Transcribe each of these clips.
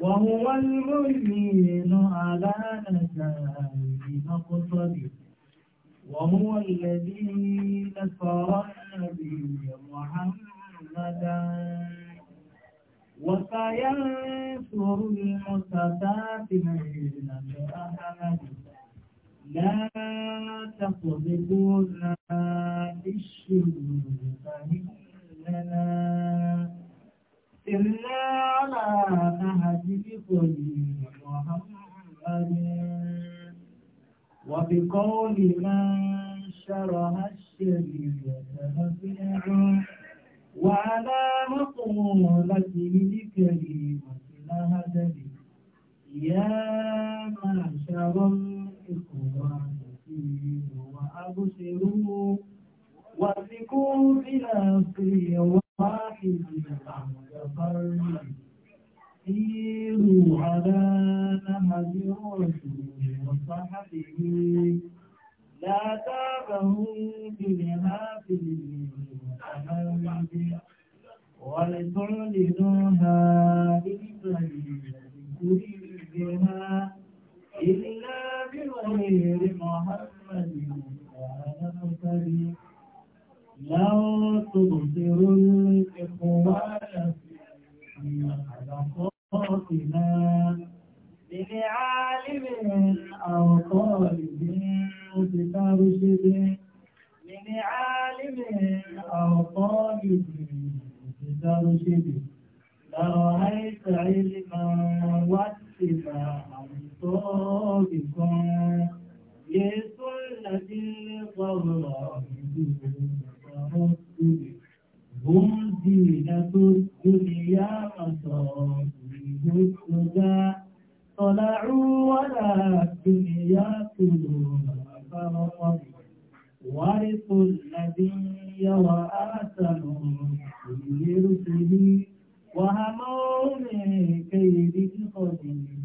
وهو المعين على نسائه مقصد وهو الذي نصر النبي محمدا وسينصر المتفاتنين بأحمد لا تقذفونا بالشرور فإننا Ìlà àtàhàjì bí kò ní Mùhàmmadin. Wàbí kọ́ lè máa ń ṣàrọ̀ àṣẹ́rì rẹ̀ وعلى مقولته الكريمة لهدني يا معشر الإخوان فيه وأبصروا وافقوا بلا خير فاحدا متفردا سيروا على نهج الرسول وصحبه لا تابهم بنهاته متمرد ولتعلنوها بالبينة كل بها إلا بغير محمد وعلى الكريم لا تبصروا الإخوان في حلقاتنا لعالم أو طالب بترشد لعالم أو طالب بترشد لرأيت علما واتباعا طابقا لسنة القرآن ربي هم زينة الدنيا مصابيح الهدى طلعوا ولا الدنيا كلها فرقا ورثوا النبي وآتوا في رسله وهموا من كيد القديم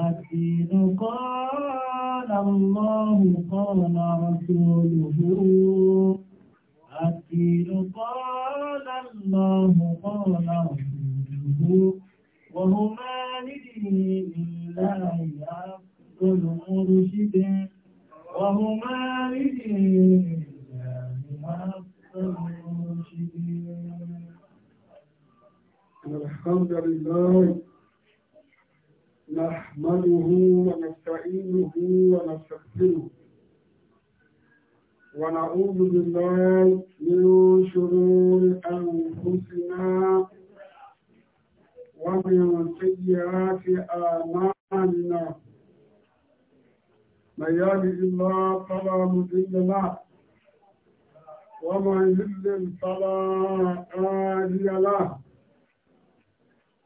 الدين قال الله قال رسوله الدين قال الله قال رسوله وهما لدين الله أفضل مرشد وهما لدين الله أفضل مرشد الحمد لله نحمده ونستعينه ونستغفره ونعوذ بالله من شرور أنفسنا ومن سيئات آمالنا من يهده الله فلا مضل له ومن يضلل فلا هادي له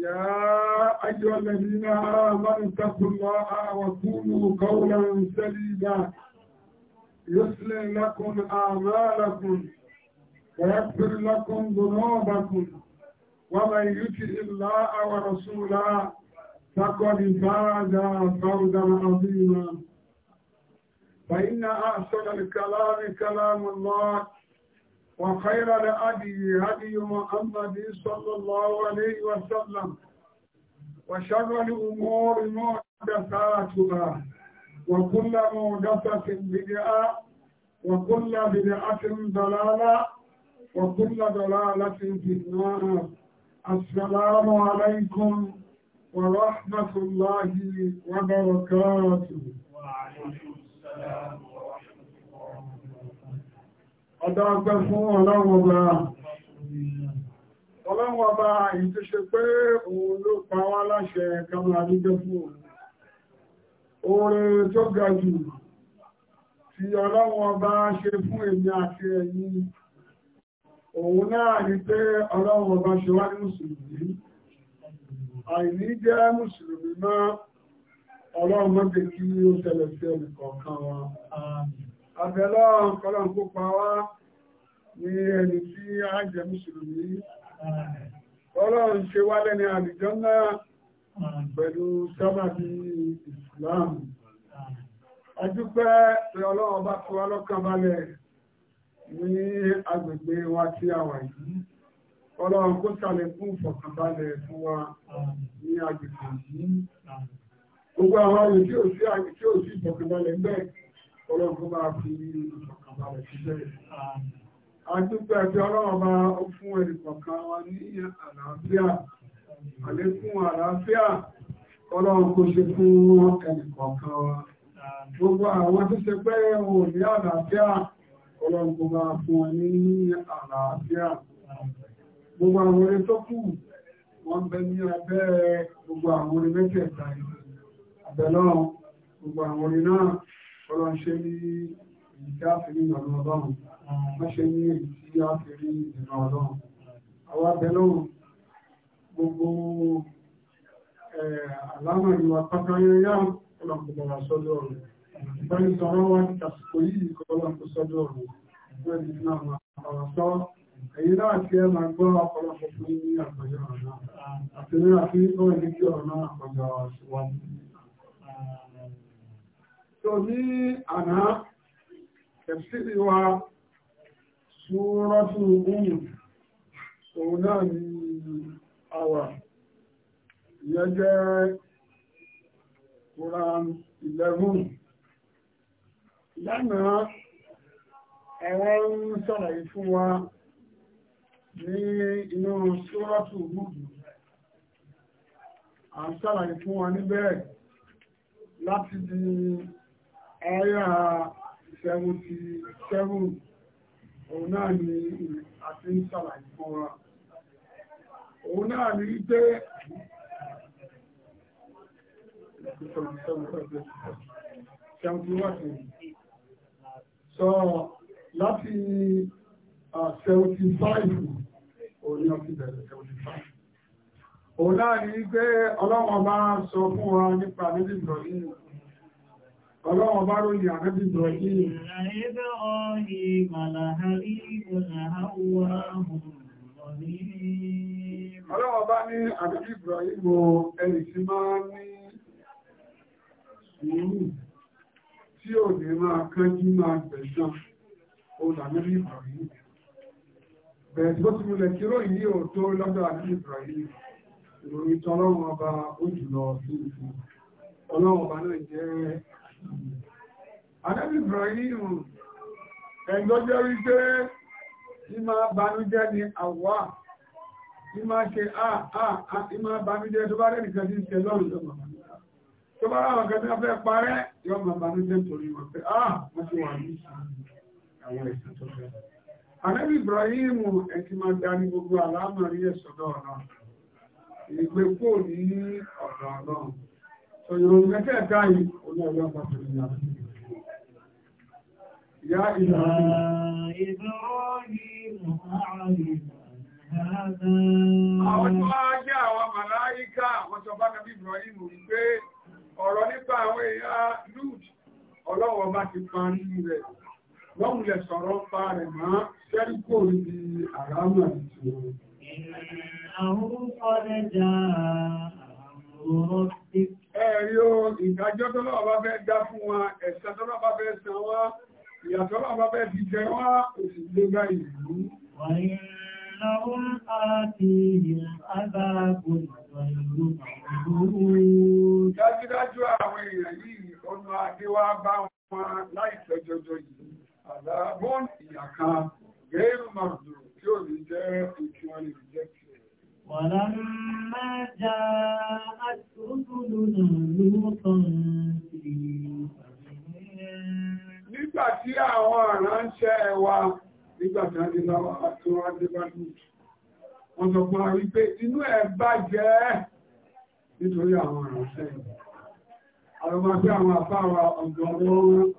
يا أيها الذين آمنوا اتقوا الله وقولوا قولا سديدا يسلم لكم أعمالكم ويغفر لكم ذنوبكم ومن يطع الله ورسوله فقد فاز فوزا عظيما فإن أحسن الكلام كلام الله وخير لأبي هدي محمد صلى الله عليه وسلم وشر الأمور محدثاتها وكل محدثة بدعة وكل بدعة ضلالة وكل ضلالة في النار السلام عليكم ورحمة الله وبركاته وعليكم السلام Ọ̀dá ọgbẹ́ fún ọlọ́run ọba. Ọlọ́run ọba yìí tó ṣe pé òun ló pa wá láṣẹ kamara dídé fún òun. Oore tó ga jù tí ọlọ́run ọba ṣe fún èmi àti ẹ̀yin. Òun náà ni pé ọlọ́run ọba ṣe wá ní Mùsùlùmí. Àìní jẹ́ Mùsùlùmí mọ́ ọlọ́run mọ́bẹ̀ kí ó tẹ̀lẹ̀ sí ẹnì kọ̀ọ̀kan wa àbẹ̀lọ́ ọ̀kọ́lọ̀n kó pa wá ní ẹni tí a jẹ́ mùsùlùmí ọlọ́run ṣe wá lẹ́ni àlìjọ́ náà pẹ̀lú sábàbí Islam adúpẹ́ pé ọlọ́run bá fi wá lọ́kàn balẹ̀ ní agbègbè wa tí a wà yìí ọlọ́run kó ṣàlékún ìfọ̀kànbalẹ̀ fún wa ní agbègbè yìí gbogbo àwọn àyè tí ò sí àyè tí bẹ́ẹ̀ ọlọ́run máa fi ìfọ̀kànbalẹ̀ sílẹ̀. Adúpẹ́ àti ọlọ́run bá fún ẹnìkọ̀ọ̀kan wa ní àlàáfíà. Àlékún àlàáfíà ọlọ́run kò ṣe fún ẹnìkọ̀ọ̀kan wa. Gbogbo àwọn tó ṣe pé wọn ò ní àlàáfíà, ọlọ́run kò máa fún wọn ní àlàáfíà. Gbogbo àwọn orin tó kù, wọ́n bẹ ní abẹ́ gbogbo àwọn orin mẹ́tẹ̀ẹ̀ta yìí. Àbẹ̀lọ́ gbogbo àwọn orin náà ọlọ́run ṣe ní èyí tí a fi rí ìrànà ọlọ́run wọ́n ṣe ní èyí tí a fi rí ìrànà ọlọ́run àwọn abẹ́lọ́run gbogbo àlámà ìwà pátá yẹnyá ọlọ́run kò bọ̀wà sọ́dọ̀ rẹ̀ ìbáni sọ̀rọ̀ wá ní àsìkò yìí kọ́ ọlọ́run kò sọ́dọ̀ rẹ̀ wọ́n ti fún náà ti ẹ máa gbọ́ ọ̀pọ̀lọpọ̀ fún ní àgbáyé ọ̀rọ̀ àti ní àfi ó ní kí ọ̀rọ̀ náà àkọjọ tó ní àná tẹ̀sílì wa ṣúrọ́tù ohun òun náà ni àwà ìyẹn jẹ́ Quran 11 lánàá ẹ̀wọ́n ń sọ̀rọ̀ fún wa ní inú ṣúrọ́tù múdù à ń sọ̀rọ̀ fún wa níbẹ̀ láti di àyà 77 òun náà ni àti ń ṣàlàyé fún wa òun náà ni wípé so láti 75 òun ni ọtí bẹ̀rẹ̀ 75 òun náà ni wípé ọlọ́wọ́n bá sọ fún wa nípa nílùú ìrọ̀lẹ́yìn Ọlọ́run bá rò yà rẹ̀ bí Ibrahim. Ọlọ́run bá ní àbíbí Ibrahim ẹni tí máa ní ìlú tí ò ní máa kánjú máa gbẹ̀sán, ó làmílì Ibrahim. Bẹ̀rẹ̀ tó ti múlẹ̀ kí ró yìí ò tó lọ́dọ̀ àbíbí Ibrahim. Ìròyìn tọ́lọ́run ọba ó jùlọ sí ìfún. Ọlọ́run ọba náà jẹ́ Ànábì Ibrahim ẹ̀gbọ́jọ́ rí pé ní máa banújẹ́ ni àwọ́ ní máa ṣe àà ní máa banújẹ́ tó bá rẹ̀ nìkan tí ṣe lọ́rùn tó máa banújẹ́ torí wọn pé ah, Ibrahim ìròyìn kẹ́kẹ́ ẹ̀ká yìí oní ọjọ́ pàtàkì ní àti ìyá ìròyìn ọ̀rọ̀ nípa àwọn èèyà lúd ọlọ́wọ́ bá ti parí rẹ̀ lọ́wùlẹ̀ sọ̀rọ̀ pa rẹ̀ máa ṣẹ́ríkò níbi àrámà ìtò Àwọn orúkọ rẹ̀ dáa àwọn orúkọ ẹ̀rí o ìdájọ́ tó lọ́wọ́ bá fẹ́ dá fún wa ẹ̀san tó lọ́wọ́ bá fẹ́ san wá ìyàtọ̀ lọ́wọ́ bá fẹ́ fi jẹ wá òsì lé bá ìlú. Wàyínláwọ́n àti àbábọ̀ Dájúdájú àwọn èèyàn yìí ọ̀nà àdéwà bá wọn láìpẹ́ jọjọ yìí. Àdábọ́n ìyà gẹ́rù màdùn tí ò ní jẹ́ ìtí wọn lè ولما جاءت رسلنا لوطا nígbà àwọn aránṣẹ́ wa nígbà tí wọ́n ti láwá tí wọ́n ti bá ní wọ́n sọ fún àrí pé inú ẹ̀ bàjẹ́ nítorí àwọn aránṣẹ́ àrọmọgbé àwọn àfáwà ọ̀dọ̀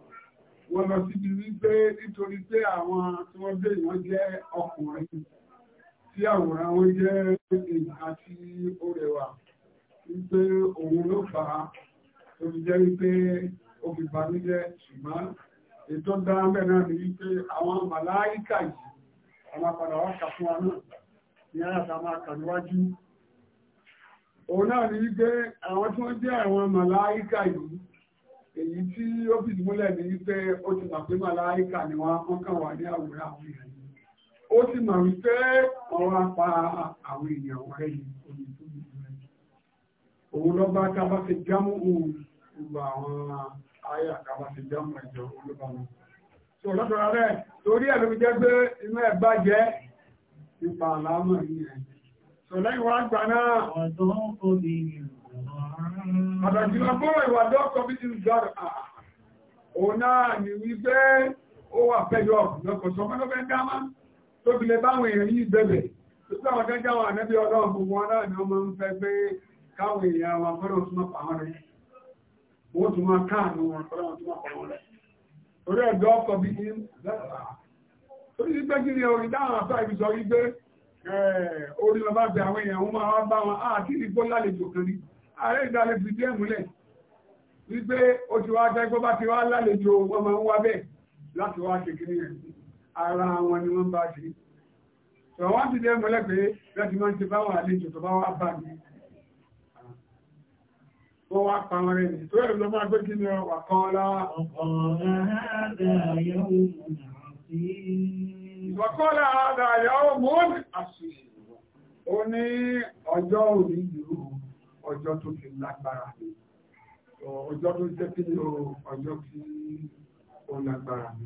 wọ́n lọ síbi wípé nítorí pé àwọn tí wọ́n dé ìwọ́n jẹ́ ọkùnrin tí àwòrán wọn jẹ́ nǹkan tí ó rẹwà wípé òun ló fà á tó fi jẹ́ wípé ó fi banújẹ́ ṣùgbọ́n ètò dáńbẹ̀ náà ni wípé àwọn màláíkà yìí àwọn padà wá kà fún wa náà ní àyàtà máa kà níwájú òun náà ni wípé àwọn tí wọ́n jẹ́ àwọn màláíkà yìí èyí tí ó fìdí múlẹ̀ ni wípé ó ti gbà pé màláíkà ni wọ́n kàn wà ní àwòrán àwọn èèyàn ó sì mọ̀ wípé ọ̀rọ̀ apá àwọn èèyàn ọ̀rẹ́ yìí tó ní ìlú rẹ̀. Òun lọ bá ká jámù òun gbogbo àwọn ayé àkàbá ṣe jámù ẹ̀jọ̀ olóba Sọ lọ́dọ̀ọ́ra rẹ̀ torí ẹ̀ jẹ́ pé inú ẹ̀ bàjẹ́ nípa àlámọ̀ yìí rẹ̀. Sọ lẹ́yìn wá gbà náà. Ọ̀dọ́ kò ní ìlú. Àtàjì lọ fún ìwàdọ́ kọ́bí ti ń gbàdọ̀ tó báwọn èèyàn yìí bẹ̀bẹ̀ tó àwọn tẹ́jà wà nẹ́bí ọlọ́run gbogbo wọn ni wọ́n máa ń fẹ́ pé káwọn èèyàn wa fọ́nà tún pàwọn rẹ̀ wọ́n tún máa káàánú wọn fọ́nà tún pàwọn rẹ̀ orí ẹ̀dọ́ ọkọ̀ bí i ara wọn ni wọ́n bá ṣe tọ̀ wọ́n ti dé mọ́lẹ̀ pé máa ń ti báwọn àlejò tó bá wá bá mi wọ́n wá pa wọn rẹ̀ ní tó ẹ̀rọ lọ́mọ́ agbé kí ni wà kan ọlá ọjọ́ tó ti lágbára ni ọjọ́ tó jẹ́ kí ni ọjọ́ tí ó lágbára ni.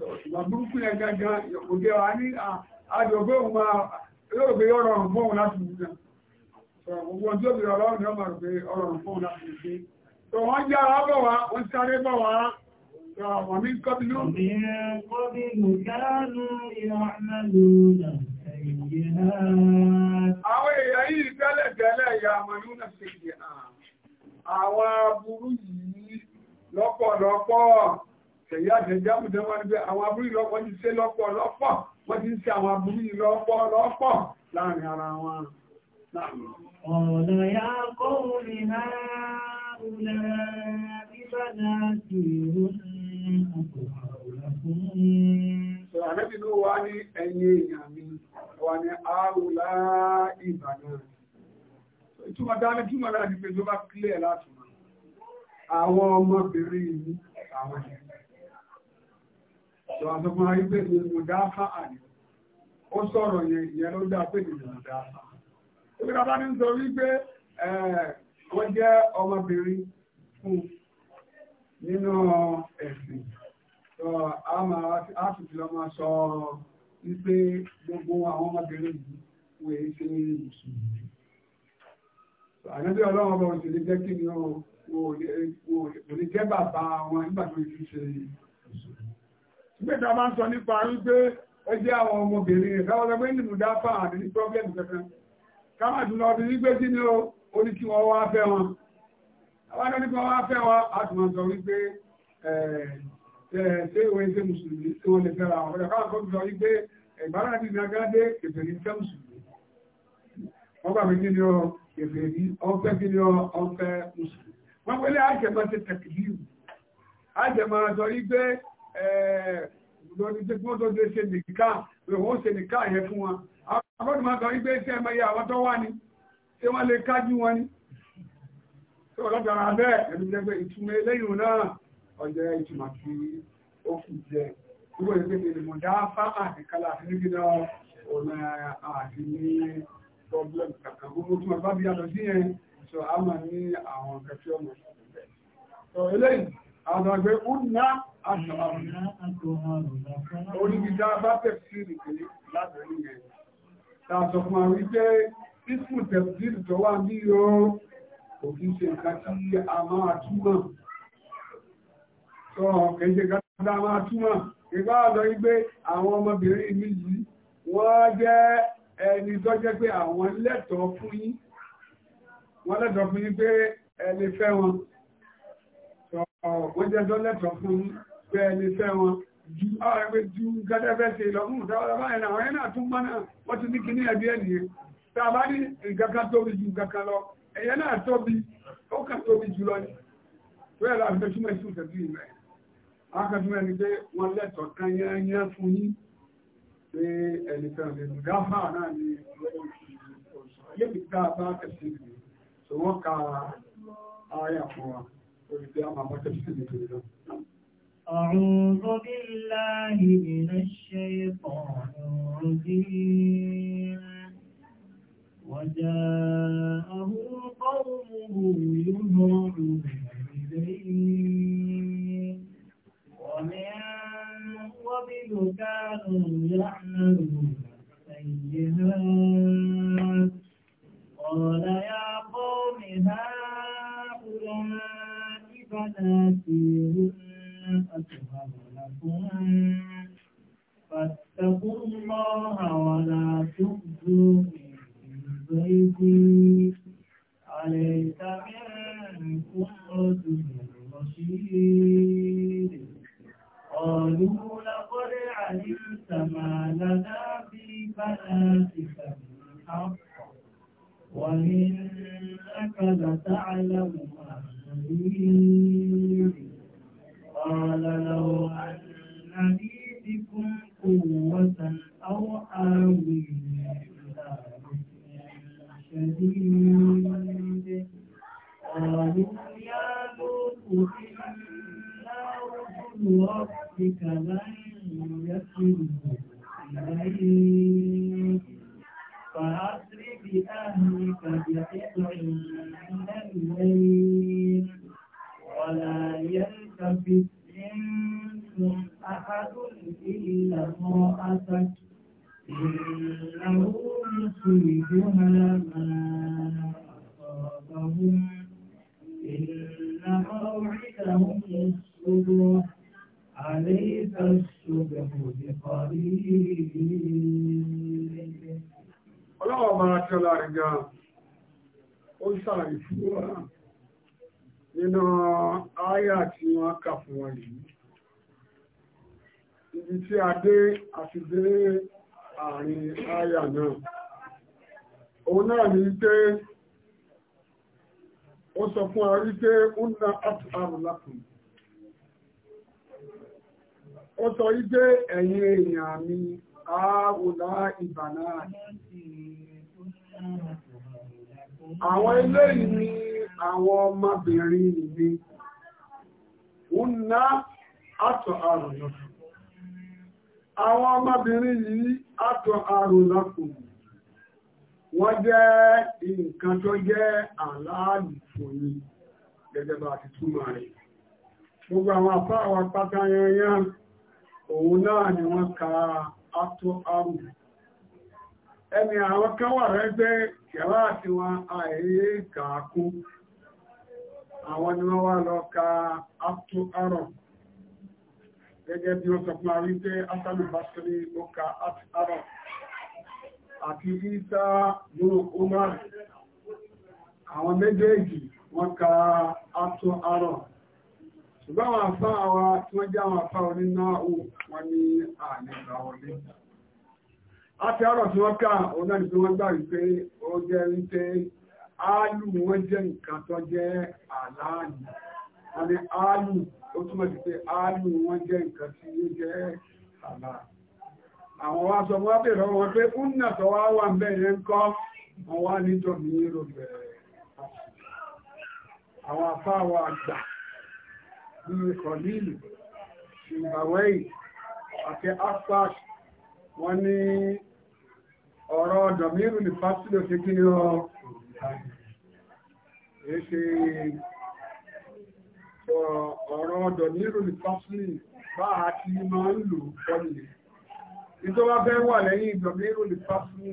ìgbà burúkú yẹn gangan òde wa ní àjọgbé òun máa yóò gbé ọ̀rọ̀ ọ̀rùn fóun láti wù náà gbogbo ọjọ́ bí ọlọ́run ni wọ́n máa gbé ọ̀rọ̀ fóun láti wù tó wọ́n bọ̀ wá wọ́n sáré bọ̀ wá mi àwọn èèyàn yìí tẹ́lẹ̀ tẹ́lẹ̀ ya àmọ́nú náà ṣe àwọn aburú yìí lọ́pọ̀lọpọ̀. tẹ̀yí àtẹ̀jáàmù tẹ́ wọ́n ní pé àwọn aburú yìí lọ́pọ̀ ti ṣe lọ́pọ̀ lọ́pọ̀ wọ́n ti ń ṣe àwọn aburú yìí lọ́pọ̀ lọ́pọ̀ láàrin ara wọn. ọ̀nà ya kó rí hàrùnà ìbànà sí Àrẹ́bì ló wá ní ẹ̀yẹ èèyàn mi, ní àrùlá ìbànà. Ìtumọ̀ dáa pé tó bá kílẹ̀ láti mọ̀. Àwọn ọmọbìnrin mi, àwọn ẹ̀. sọ àtọ́fún ayé pé ìmọ̀dáfà àní ó sọ̀rọ̀ yẹn ló dá pé ìmọ̀dáfà ó bí bàbá ní sọ wípé wọ́n jẹ́ ọmọbìnrin fún nínú ẹ̀sìn a sì ti lọ sọ wípé gbogbo àwọn ọmọbìnrin yìí ṣe mùsùlùmí nígbèta máa ń sọ nípa wípé ẹjẹ́ àwọn ọmọbìnrin rẹ̀ káwọn ọmọ ènìyàn dá fà àti ní pọ́blẹ́mù kankan káwọn àtúnlọ ọdún wípé tí ní ó ní kí wọ́n wá fẹ́ wọn àwọn ọdún nípa wá fẹ́ wọn a tún sọ wípé ṣé ìwé ṣe mùsùlùmí tí wọ́n lè fẹ́ra wọn ọ̀dọ̀ káwọn kọ́kọ́ sọ wípé ìgbàlá àti ìnagáde kèfèrí fẹ́ mùsùlùmí wọ́n gbà pé kí ni ọ kèfèrí ọ̀fẹ́ kí ni ọ̀fẹ́ mùsùlùmí wọ́n pẹ́lẹ́ àjẹmọ́ ti tẹ̀kìlì àjẹmọ́ sọ wípé Eh, wọ́n tó lè ṣe nìká wọ́n ṣe nìká yẹn fún wọn agbọ́dùn máa sọ wípé tí ẹmọ iye àwọn tó wà ní tí wọ́n lè kájú wọn ní tí wọ́n lọ́gbàrá bẹ́ẹ̀ ẹ̀mí jẹ́ pé ìtumọ̀ eléyìí náà ọjọ́ ìtumọ̀ tí ó kù jẹ́ gbogbo ìpè ní ìmọ̀dá fá àdìkálà àti níbi náà ọ̀nà àti ní problem kankan gbogbo tí wọ́n bá bí yàtọ̀ sí yẹn sọ a máa ní àwọn kẹfí ọmọ ìṣẹ̀lẹ̀ Orí ìdá bá tẹ̀sí ìrìnkèlé láti rí yẹn. Tààtọ̀ fún àwọn ìjẹ́ ìsìn tẹ̀sí tó wà ní yóò kò kí ṣe nǹkan tí a máa túmọ̀. Sọ kẹ́jẹ́ kátà máa túmọ̀. Ìgbà lọ wípé àwọn ọmọbìnrin mi yìí, wọ́n jẹ́ ẹni tó jẹ́ pé àwọn lẹ́tọ̀ọ́ fún yín. Wọ́n lẹ́tọ̀ọ́ jẹ́ tó lẹ́tọ̀ọ́ fún pé ẹni fẹ́ wọn ju ọ̀rẹ́gbẹ́ ju gádẹ́fẹ́ ṣe lọ́mú ìdáwọ́lá báyìí náà ẹ̀yìn náà tún mọ́nà wọ́n ti ní kí ní ẹbí ẹ̀ nìyẹn tá a bá ní nǹkan kan tóbi ju nǹkan kan lọ ẹ̀yẹ náà tóbi ó kàn tóbi jù lọ ni tó yẹ láti fẹ́ túmọ̀ ìṣú ìṣẹ́jú ìmọ̀ ẹ̀ akẹ́tùmọ̀ ẹni pé wọ́n lẹ́tọ̀ọ́ kan yányán fún yín pé ẹni fẹ́ rẹ̀ lù dáfà náà ni lébi tá a bá tẹ̀sí ìgbì sọ wọ́n ka ààyà fún wa olùdí àmọ́ àmọ́ tẹ̀sí أعوذ بالله من الشيطان الرجيم وجاءه قومه يهرعون إليه ومن قبل كانوا يعملون السيئات قال يا قوم هؤلاء بناتي هن أكبر لكم فاتقوا الله ولا تخزوني من بيتي عليك منكم رجل رشيد قالوا لقد علمت ما لنا في بناتك من حق وإنك لتعلم ما نريد قال لو أن لي قوة أو آوي شديد قالوا يا لوط إنا رسل ربك لن يصلوا إليك فأسر بأهلك بقطع من الليل ولا يلتفت منكم أحد إلا امرأتك إنه يصيبها ما أصابهم إن موعدهم الصبح عليك الصبح بقليل. Ọlọ́wọ́ máa tẹ́lá rẹ̀ gan-an, ó sáré fún wa nínú àyà tí wọ́n kà fún wọn yìí ibi tí a dé àti dé àárín àyà náà òun náà ní pé ó sọ fún àrí pé ó na àtàrù lápùn ó sọ wípé ẹ̀yin èèyàn mi ààrùn ìbànáà Àwọn eléyìí ni àwọn ọmọbìnrin mi. Wọ́n ná àtọ̀ àrùn náà. Àwọn ọmọbìnrin yìí àtọ̀ àrùn Wọ́n jẹ́ nǹkan tó jẹ́ àláàlì fún yín gẹ́gẹ́ bá ti rẹ̀. Gbogbo àwọn apá àwọn yẹn yẹn, òun náà ni wọ́n ẹni àwọn kan wà rẹ́gbẹ́ kẹ̀rá àti wọn àìyé kàákú àwọn ni wọ́n wá lọ ka aftu arọ̀ gẹ́gẹ́ bí ó sọ fún àrí pé asalu basiri ó ka aftu arọ̀ àti isa lóò umar àwọn méjèèjì wọ́n ka aftu arọ̀ ṣùgbọ́n àwọn afá àwọn tí wọ́n jẹ́ àwọn afá onínáà wọn ni àlè àti ọ̀rọ̀ tí wọ́n ká òun náà ni pé wọ́n gbà wípé ó jẹ́ wípé áálù wọ́n jẹ́ nǹkan tó jẹ́ àlàálì wọ́n ní áálù ó túmọ̀ sí pé áálù wọ́n jẹ́ nǹkan tí ó jẹ́ àlàálì àwọn wá sọ wọ́n bèèrè wọn pé ó nà tó wá wà ń bẹ̀rẹ̀ ń kọ́ wọn wá níjọ́ ní èrò bẹ̀rẹ̀ àwọn afáwọ̀ àgbà bí kọ̀lílù ìgbàwẹ́yì àti afáàkì wọ́n ní ọ̀rọ̀ dọ̀míìrù ní fásitì òfin kí ni ọ èé ṣe ọ̀rọ̀ dọ̀míìrù ní fásitì bá a ti máa ń lò pọ́lì ìjọba fẹ́ wà lẹ́yìn dọ̀míìrù ní fásitì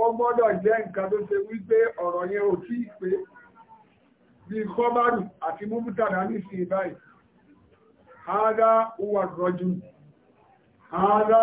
ó gbọ́dọ̀ jẹ́ nǹkan tó ṣe wípé ọ̀rọ̀ yẹn ò tí ì pé bí kọ́bárù àti múbútàdá nísìn báyìí. Hádá wà rọ́jú. Hádá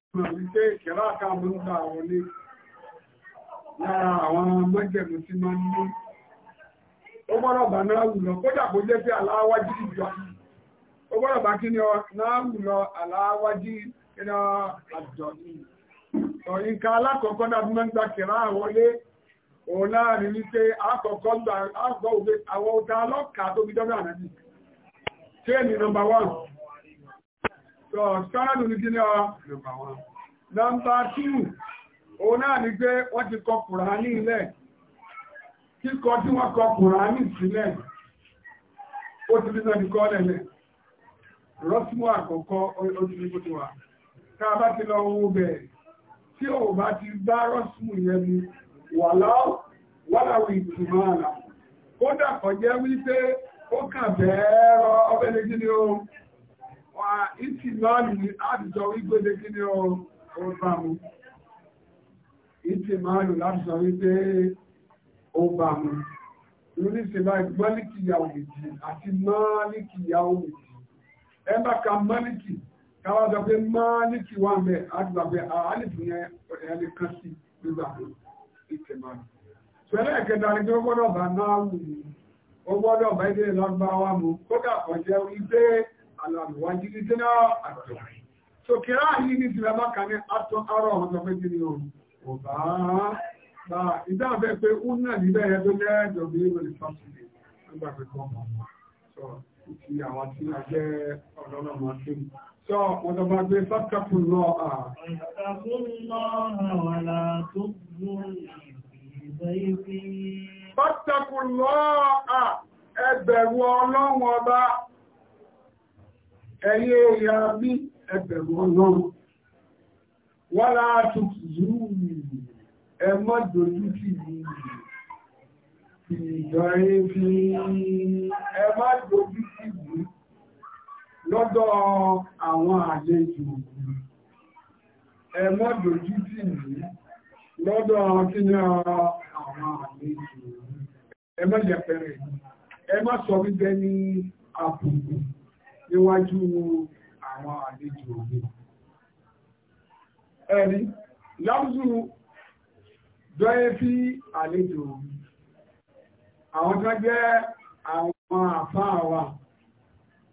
mọ̀ wípé ìkẹ̀rá àkàmọ́ ń gba àwọn ní lára àwọn mọ́jẹ̀mú tí máa ń mú ó gbọ́dọ̀ bá náà wù lọ kódà kó jẹ́ pé aláwájú ìjọ ó gbọ́dọ̀ bá kí ni ọ náà wù lọ aláwájú ìrìnà àjọ yìí sọ nǹkan alákọ̀ọ́kọ́ náà bí wọ́n ń gba kẹ̀rá àwọn lé òun láàrin wípé àkọ́kọ́ gbà àwọn òkè àwọn òkè alọ́kà tó fi dọ́gbà náà ní tẹ́ẹ̀nì nọmba So, sọ́rọ̀dù ní kí ní ọ? 2, òun náà ni pé wọ́n ti kọ Kùránì ilẹ̀. Kíkọ tí wọ́n kọ Kùránì sílẹ̀, ó ti bí sọ́dí kọ́ lẹ̀lẹ̀. Rọ́símọ́ àkọ́kọ́ ó ní wà. Ká ni wà ìtumọ̀ Kódà kọjẹ́ wípé ó bẹ́ẹ̀ rọ ọbẹ̀ wà ìtì lọ́ọ̀lì àdìjọ wípé lé kí ní ọ̀rọ̀ láti sọ wípé ó bá mú lórí àti máàlìkìyà òmìtì ẹgbà ka máàlìkì káwà sọ pé máàlìkì wà mẹ́ àgbàgbẹ́ àálìfù yẹn ẹni kan sí nígbà ìtì pẹ̀lú ni pé ó gbọ́dọ̀ bá náà wù ó gbọ́dọ̀ bá ilé lọ́gbà mú aláàbíwájú ní tí náà àtọ̀ so kìrá yìí ní ìsìnlẹ̀ bákan ní àtọ̀ ara ọ̀hún sọ pé kìrì ọ̀hún ọ̀bá bá ìdáàbẹ̀ pé ó náà níbẹ̀ yẹ tó lẹ́ẹ̀jọ̀ bí wọ́n lè fásitì nígbà pé kọ́ mọ̀ sọ ti àwọn tí a jẹ́ ọ̀dọ́nà máa tó sọ wọn tó bá gbé fákàpù lọ à. fákàpù lọ à ẹbẹ̀rù ọlọ́wọ́n ọba ẹ̀yẹ ya bí ẹgbẹ̀rún ọlọ́run wọ́n láàtù yìí ẹ mọ́ dojú tì mí ìjọ ebi ẹ má dojú tì mí lọ́dọ̀ àwọn àlejò ẹ mọ́ dojú tì mí lọ́dọ̀ kí ni àwọn àlejò ẹ má yẹpẹrẹ sọ wípé ní àbùkù níwájú àwọn àlejò òbí. Ẹni, lábùsù dọ́yẹ́ fí àlejò òbí. Àwọn tó jẹ́ àwọn àfáà wa,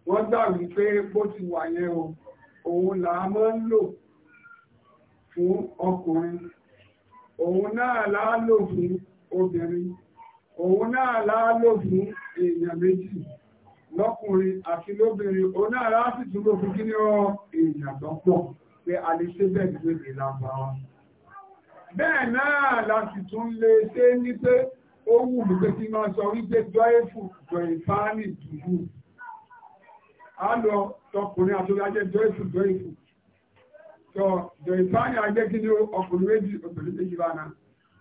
wọ́n gbà wípé bó ti wà yẹn o, òun là á máa ń lò fún ọkùnrin. Òun náà là á lò fún obìnrin. Òun náà là á lò fún èèyàn méjì lọ́kùnrin àti lóbìnrin onáàrá sì túnbọ̀ fún kí ní ọ èèyàn tó pọ̀ pé a lè ṣe bẹ́ẹ̀ ní pé lábá wa bẹ́ẹ̀ náà láti tún lè ṣe ní pé ó wù mí pé kí máa sọ wípé jọ́ẹ́fù jọ̀ìfáàní dùdú a lọ tọkùnrin àtúndájẹ́ jọ́ẹ́fù jọ̀ìfù sọ jọ̀ìfáàní ajẹ́ kí ní ọkùnrin méjì obìnrin méjì bá náà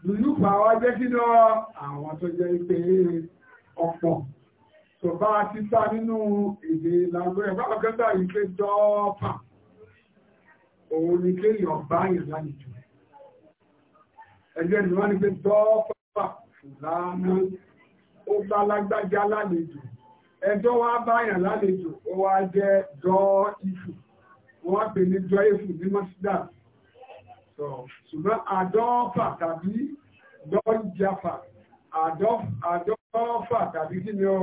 dùdú tó bá ti sá nínú èdè ìlànà ẹ̀bá ọ̀gẹ́gbà yìí pé dọ́ọ̀pà òun ni kéèyàn bá yàn lálejò ẹgbẹ́ ìlú wọn ni pé dọ́ọ̀pà fùlànà ó bá lágbájá lálejò ẹjọ́ wá bá yàn lálejò ó wá jẹ́ dọ́ọ̀ ìfù wọ́n pè ní dọ́ọ̀ ìfù ní mọ́sídà ṣùgbọ́n àdọ́ọ̀fà tàbí dọ́ọ̀jàfà àdọ́ọ̀fà tàbí kí ni ó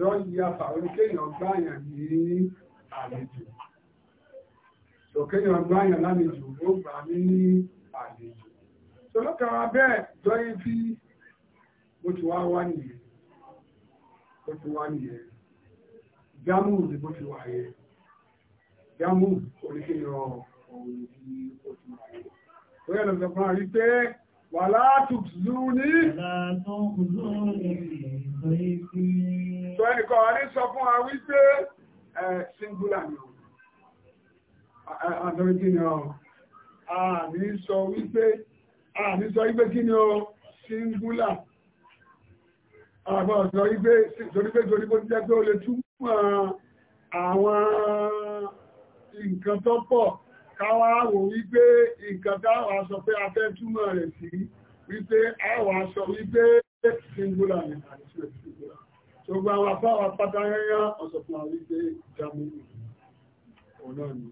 lọ ya fàwọn kéèyàn gbáyàn ní àlejò tó kéèyàn gbáyàn lálejò ó gbà ní àlejò tó lọ́kàwà bẹ́ẹ̀ dọ́yé bí mo ti wá wá nìyẹn mo ti wá nìyẹn jámù ni mo ti wá yẹn jámù oríkèèyàn òun ni mo ti wá yẹn ó yẹ lọ́sọ̀kan rí pé Wàlá tùzú ní sọ ẹnìkan wà ní sọ fún wa wípé ẹ̀ singular ni àdọ́rítí ni ọ. Àní sọ wípé, àní sọ wípé kí ni ọ singular. Àgbà ọ̀sọ̀ wípé, torípé torípé ti jẹ́ pé ó lè túmọ̀ àwọn nǹkan tó pọ̀ káwá wò wípé nǹkan táwà sọ pé a fẹ́ túmọ̀ rẹ̀ sí wípé àwà sọ wípé singular ni àìsí ẹ̀ singular tó gba àwọn afáwà pátá yẹ́yá ọ̀sọ̀ fún àwọn wípé ìjàmù ọ̀nà ni ní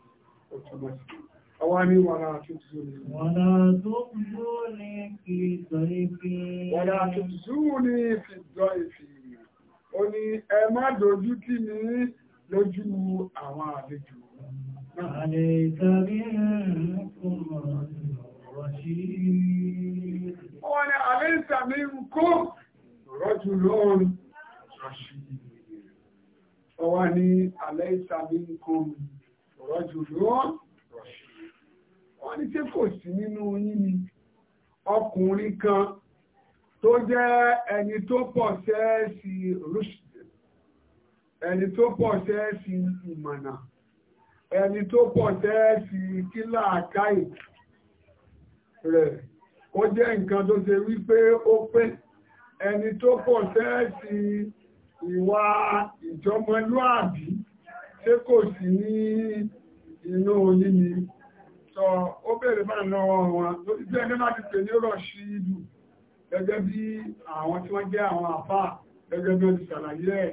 wàrà ẹ má dojú tì mí lójú àwọn àlejò. عليك منكم رشيد وانا عليك منكم رجل رشيد وانا عليك منكم رجل رشيد wọ́n ní tí kò sí nínú yín ni ọkùnrin kan tó jẹ́ ẹni tó pọ̀ sẹ́ẹ̀sì ẹni tó pọ̀ sẹ́ẹ̀sì ẹni tó pọ̀ tẹ́ẹ̀sì kílà káì rẹ̀ ó jẹ́ nǹkan tó ṣe wípé ó pé ẹni tó pọ̀ tẹ́ẹ̀sì ìwà ìjọmọlúàbí ṣé kò sí ní inú oyin ni sọ ó bèèrè báyìí lọ́wọ́ wọn ló ti jẹ́ ẹgbẹ́ láti pè ní ó rọ̀ sí ìlú gẹ́gẹ́ bí àwọn tí wọ́n jẹ́ àwọn àfáà gẹ́gẹ́ bí ó ti ṣàlàyé ẹ̀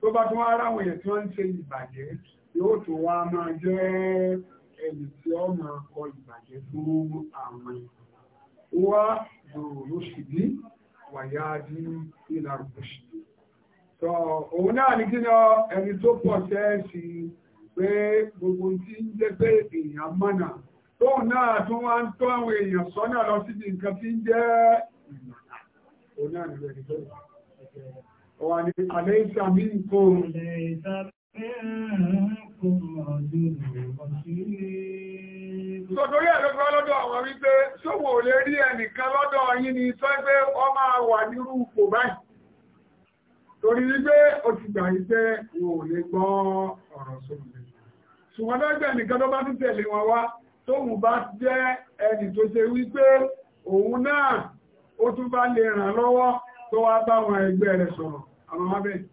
tó bá tún wá ráwọn èèyàn tí wọ́n ń ṣe ìbàjẹ́ yóò tó wá máa jẹ́ ẹni tí ó máa kọ ìbàjẹ́ fún àwọn wá lòrò ṣìdí wàyá di ìlà òṣìdí tọ́ òun náà ní kí ni ẹni tó pọ̀ sẹ́ẹ̀sì pé gbogbo tí ń jẹ́ pé èèyàn mọ́nà tóun náà tún wá ń tọ́ àwọn èèyàn sọ́nà lọ síbi nǹkan tí ń jẹ́ ìmọ̀nà òun náà nílẹ̀ nígbẹ̀rẹ̀ wà ní àlẹ́sà mí kò Sọ̀tọ̀rí ẹ̀lọ́gbọ́ lọ́dọ̀ àwọn wípé ṣòwò lè rí ẹnìkan lọ́dọ̀ ni pé ọ máa wà nírú báyìí. Torí wípé ó ti gbà wò lè gbọ́ ọ̀rọ̀ Ṣùgbọ́n lọ́gbẹ̀ nìkan tó bá tẹ̀lé wọn wá jẹ́ ẹni tó ṣe wípé òun náà ó tún bá lè ràn lọ́wọ́ tó wá bá wọn ẹgbẹ́ àwọn ọmọ bẹ́ẹ̀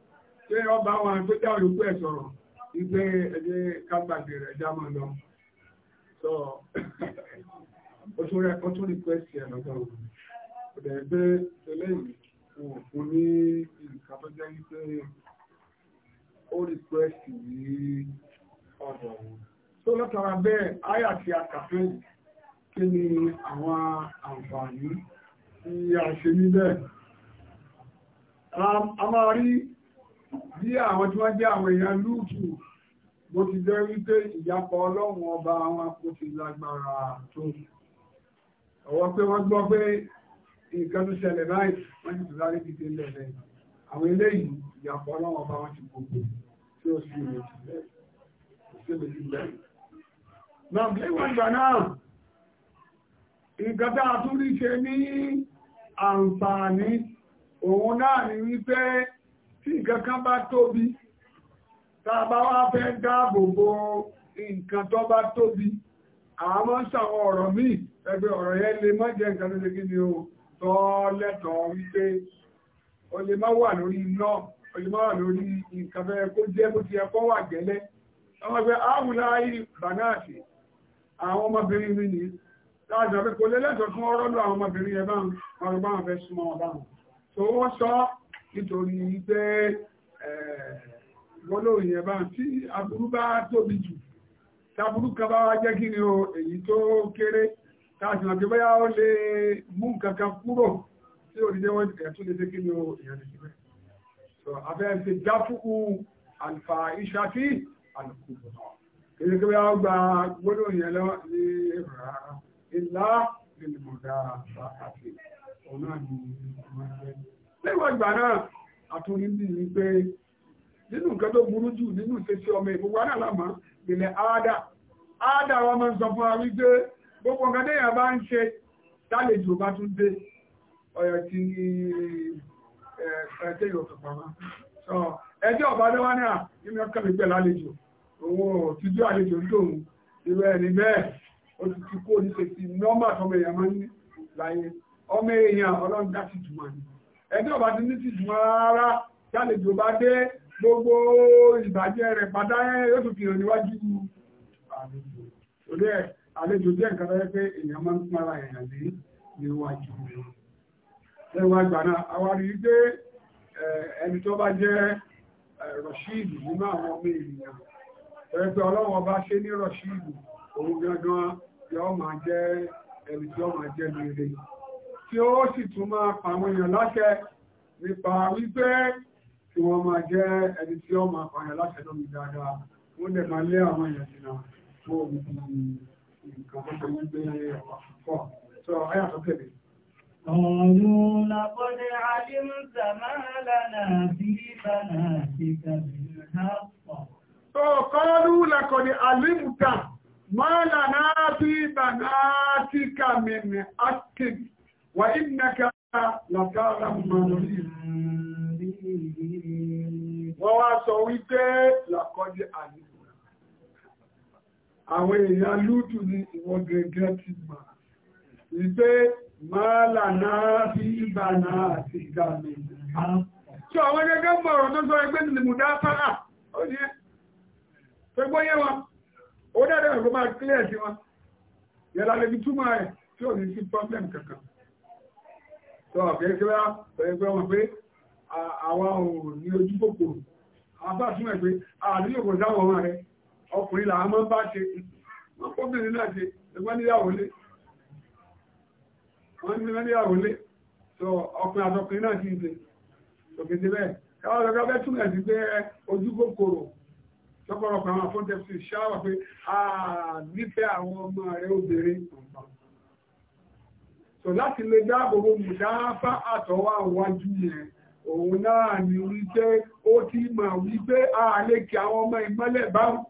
ṣé ọba àwọn tó dá olùkú ẹ̀ sọ̀rọ̀ wípé ẹjẹ́ kágbàgbé rẹ̀ já mọ́ lọ sọ ọtún rẹ̀ ọtún request ẹ̀ lọ́jọ́ òun ọ̀dẹ̀ ẹgbẹ́ eléyìí wò fún ní nǹkan tó jẹ́ wípé ó kí ni àwọn àǹfààní tí a ṣe níbẹ̀ a máa rí bí àwọn tí wọ́n jẹ́ àwọn èèyàn lúùtù bó ti jẹ́ wípé ìyapa ọlọ́run ọba wọn kò ti lágbára tó ọwọ́ pé wọ́n gbọ́ pé nǹkan tó ṣẹlẹ̀ báyìí wọ́n ti tún lárí ṣe ní àǹfààní òun náà ni wípé tí nǹkan kan bá tóbi tá a bá wá fẹ́ dáàbò bo nǹkan tó bá tóbi àmọ́ sàwọn ọ̀rọ̀ míì ẹgbẹ́ ọ̀rọ̀ yẹn lè má jẹ́ nǹkan tó ṣe kí ni o tọ́ lẹ́tọ̀ọ́ wípé o lè má wà lórí iná o lè má wà lórí nǹkan fẹ́ kó jẹ́ bó ti yẹ kó wà gẹ́lẹ́ àwọn ẹgbẹ́ áwùláyé bànáàtì àwọn ọmọbìnrin mi nìyí láti àbẹ́kọ̀ọ́ lẹ́lẹ́tọ̀ọ́ fún ọ̀rọ̀ lọ àwọn ọmọbìnrin yẹn báwọn ọ̀rọ̀ báwọn fẹ́ súnmọ́ wọn báwọn tó wọ́n sọ nítorí pé gbólóhùn yẹn bá tí aburú bá tóbi jù taburú kan bá wá jẹ́ kí ni o èyí tó kéré káàsì náà pé bóyá ó lè mú nǹkan kan kúrò tí ò ní jẹ́ wọ́n ẹ̀ tó lè ṣe kí ni o èèyàn lè ṣe bẹ́ẹ̀. so abẹ́ ṣe jáfùkù àlùfà ìṣàtì àlùkù náà kéré kí bóyá ó gba gbólóhùn yẹn lọ ní rà á ìlà ìlú mọ̀dá àti òun náà ni wọ́n fẹ́. lẹ́wọ̀n ìgbà náà àtúrí bí i pé nínú nǹkan tó burú jù nínú ìṣesí ọmọ ìgbogbo àná làmọ́ ìpìlẹ̀ àádá àádá wa máa ń sọ fún wa wípé gbogbo nǹkan déyàn bá ń ṣe tálejò bá tún dé ọ̀yọ̀ tí ẹ̀ẹ́dẹ́ yóò tó pamọ́ sọ ọmọ èèyàn ọlọ́run dá sí jùmọ̀ ni ẹjọ́ ọba ti ní sí jùmọ̀ rárá jálejò bá dé gbogbo ìbàjẹ́ rẹ̀ padà yóò tún kìlọ̀ níwájú àlejò òde ẹ̀ àlejò jẹ́ nǹkan tó yẹ pé èèyàn máa ń pín ara èèyàn lé níwájú wọn lẹ́wọ̀n àgbà náà àwárí wípé ẹni tó bá jẹ́ rọ̀ṣíìdì nínú àwọn ọmọ ènìyàn tẹ́lẹ̀ pé ọlọ́wọ́ bá ṣe ní rọ̀ṣíìdì òun gangan yọ máa jẹ́ ẹni tí ó máa jẹ́ lóore tí ó sì tún máa pàwọn èèyàn láṣẹ nípa wípé tí wọ́n máa jẹ́ ẹni tí ó máa pààyàn láṣẹ lómi dáadáa wọ́n dẹ̀ máa lé àwọn èèyàn jìnnà fún òun nǹkan tó ṣe wípé ọ̀pọ̀ tó ayà tó tẹ̀lé. قالوا لقد علمت ما لنا في بناتك بالحق قالوا لقد علمت ما لنا في بناتك من حق wà ìnàkà látàrà mọ̀lúrí wọ́n wá sọ wípé làkọ́dí àdìsùn àwọn èèyàn lúdù ní ìwọ̀n gẹ̀gẹ́ ti mà wípé máa lànà bí ìbànà àti ìgbàmì tí àwọn gẹ́gẹ́ mọ̀ ọ̀rọ̀ tó sọ ẹgbẹ́ nìlú dá sára ó ní ẹ́ pẹ́gbọ́ yẹ́ wọn ó dáadáa ẹ̀kọ́ máa kílẹ̀ sí wọn yẹ lálẹ́bí túmọ̀ rẹ̀ tí ò ní sí pọ́blẹ̀m kankan tó àfẹ́kẹ́lá pẹ̀lẹ́pẹ́ wọn pé àwọn òun ní ojú pòpò àbá túnmọ̀ pé àdúgbò kò dáwọ̀ wọn rẹ ọkùnrin làwọn máa ń bá ṣe wọn kóbìnrin náà ṣe ẹgbẹ́ níyàwó lé wọ́n ní níyàwó lé tó ọkùnrin àtọkùnrin náà ti ṣe òkèdè bẹ́ẹ̀ káwọn ọ̀gá bẹ́ẹ̀ túnmọ̀ sí pé ojú kòkòrò tọ́pọ̀lọpọ̀ àwọn afọ́ńtẹ́sì ṣáwà pé a nífẹ̀ẹ́ àwọn ọmọ rẹ obìnrin so láti lè dáàbò bo mùdáfà àtọwà wájú yẹn òun náà ni wípé ó ti mọ̀ wípé ààlè kí àwọn ọmọ ìmọ́lẹ̀ báwọn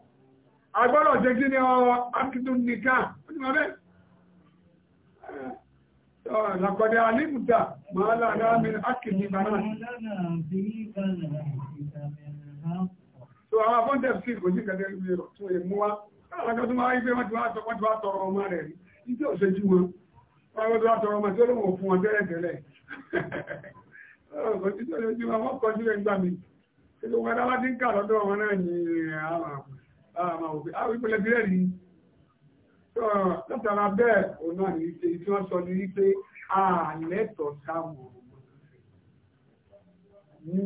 agbọ́dọ̀ jẹ́ kí ni ọ̀rọ̀ akídùn nìkan ó ti mọ̀ bẹ́ẹ̀ lakọ̀dẹ̀ alìmùta máa lára mẹ́rin akìlì bàrá. So àwọn afọ́n tẹ̀sí kò sí kẹ̀kẹ́ lórí rọ̀ tó èmú wá. Láàrín kan tó máa ń gbé wọ́n ti wá tọrọ ọmọ rẹ̀ rí. Ìjọ́ òṣèjú wọn. Báwo tó àtọ̀rọ̀ ọmọ tí ó lóun fún wọn tẹ́lẹ̀ tẹ́lẹ̀. Ọ̀pọ̀ títí ọjọ́ ìjọba wọn kọjú rẹ̀ gbà mí. Ṣé gbogbo adáwá ti ń kà lọ́dọ̀ wọn náà ní àwọn òfin. Àwọn ìpínlẹ̀ bílẹ̀ rí. Látara bẹ́ẹ̀ òun náà ní ṣe tí wọ́n sọ ní wípé àlẹ́tọ̀ sáwọn ní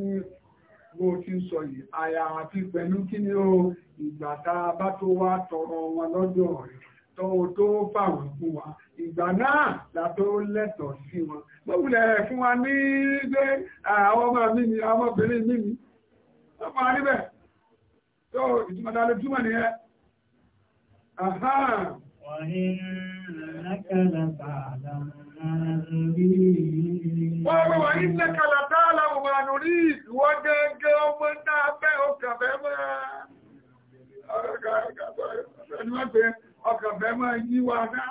bó ti sọ yìí. Àyà àti pẹ̀lú kí ni ó ìgbà tá a bá tó wá tọrọ wọn lọ́dọ̀ rẹ̀ tó tó fàwọn fún wa ìgbà náà látó lẹ́tọ̀ọ́ sí wọn gbọ́gbùlẹ̀ fún wa ní gbé àwọn ọmọ mi ni ọmọbìnrin mi ni wọ́n níbẹ̀ tó ìtumọ̀dálẹ̀ túmọ̀ nìyẹn Wọ́n wọ́n wọ́n ní yíwa náà.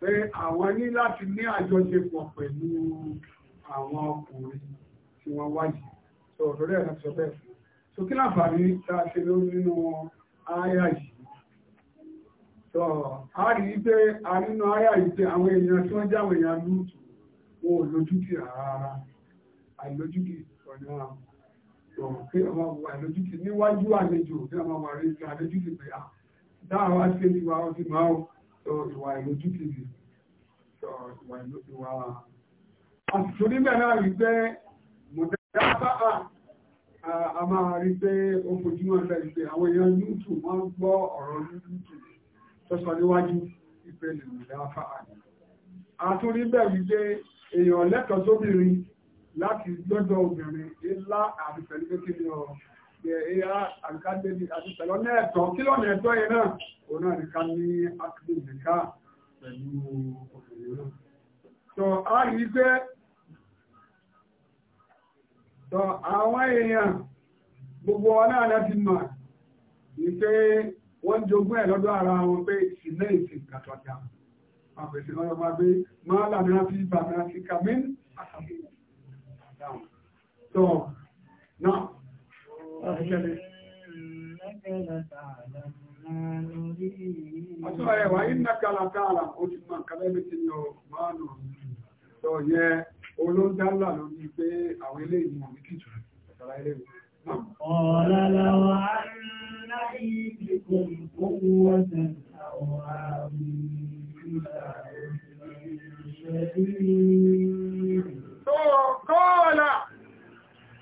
pé àwọn ní láti ní àjọṣepọ̀ pẹ̀lú àwọn ọkùnrin tí wọ́n wáyé tó lórí ẹ̀rọ sọ bẹ́ẹ̀ fún so kí láǹfààní tá a ṣe lórí nínú àyà yìí tó a rí i pé a nínú àyà yìí pé àwọn èèyàn tí wọ́n jáwé èèyàn lóòtù wọn ò lójútì rárá àìlójútì ọ̀nà pé ọmọ àìlójútì níwájú àlejò tí ọmọ wà rí àlejò ti pè á dáhùn á ṣe ti wà ó máa so ìwà ìlójú kìí so ìwà ìlójú wa àtìtò nígbà náà rí pé mọ̀dára bábà a máa rí pé ó fojú wọn fẹ́ ìpè àwọn èèyàn YouTube wọ́n gbọ́ ọ̀rọ̀ YouTube tó sọ níwájú ìpè lè mọ̀dára fáà ní àtúrí bẹ́ẹ̀ wípé èèyàn lẹ́tọ̀ọ́ sóbìnrin láti gbọ́dọ̀ obìnrin ńlá àbí pẹ̀lú kékeré ọ̀rọ̀ ẹ̀yà àgbàdébí àti pẹ̀lọ́nà ẹ̀tọ́ kí lọ́nà ẹ̀tọ́ yẹn náà òun náà nìkan ní akéde nìka a rí pé tó àwọn èèyàn gbogbo wọn náà láti mọ̀ ní pé wọ́n jogún ẹ̀ lọ́dọ̀ ara wọn pé ìsìnlẹ̀ ìsìn kàtọ́ dà àpèsè lọ́dọ̀ máa gbé máa lànà fi bàbá sí kàmín àtàkùn. So, Àtúwà ẹ̀wà iná kàlàkàlà ó ti máa kàlẹ́bí ti lọ máa nù. Sọ yẹ olóńdálà ló ní pé àwọn ilé ìmọ̀ ní kìtù ìtàlá ilé ìwò. Ọ̀lọ́lọ́wọ́ àrínlá ìgbìkùn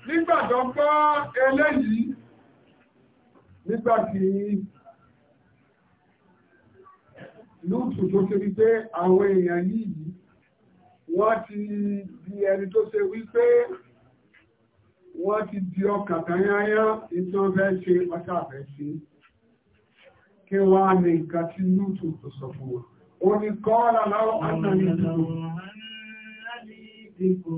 nígbàtọ̀ gbọ́ eléyìí nígbàtí lúùtù tó ṣe wípé àwọn èèyàn yìí wọ́n ti di ẹni tó ṣe wípé wọ́n ti di ọkàn tanyáyá ìtàn fẹ́ ṣe pàtàkì sí kí wọ́n á ní nǹkan tí lúùtù tó sọ fún wọn ó ní kọ́ọ́lá láwọ́ àtàrí ìdìbò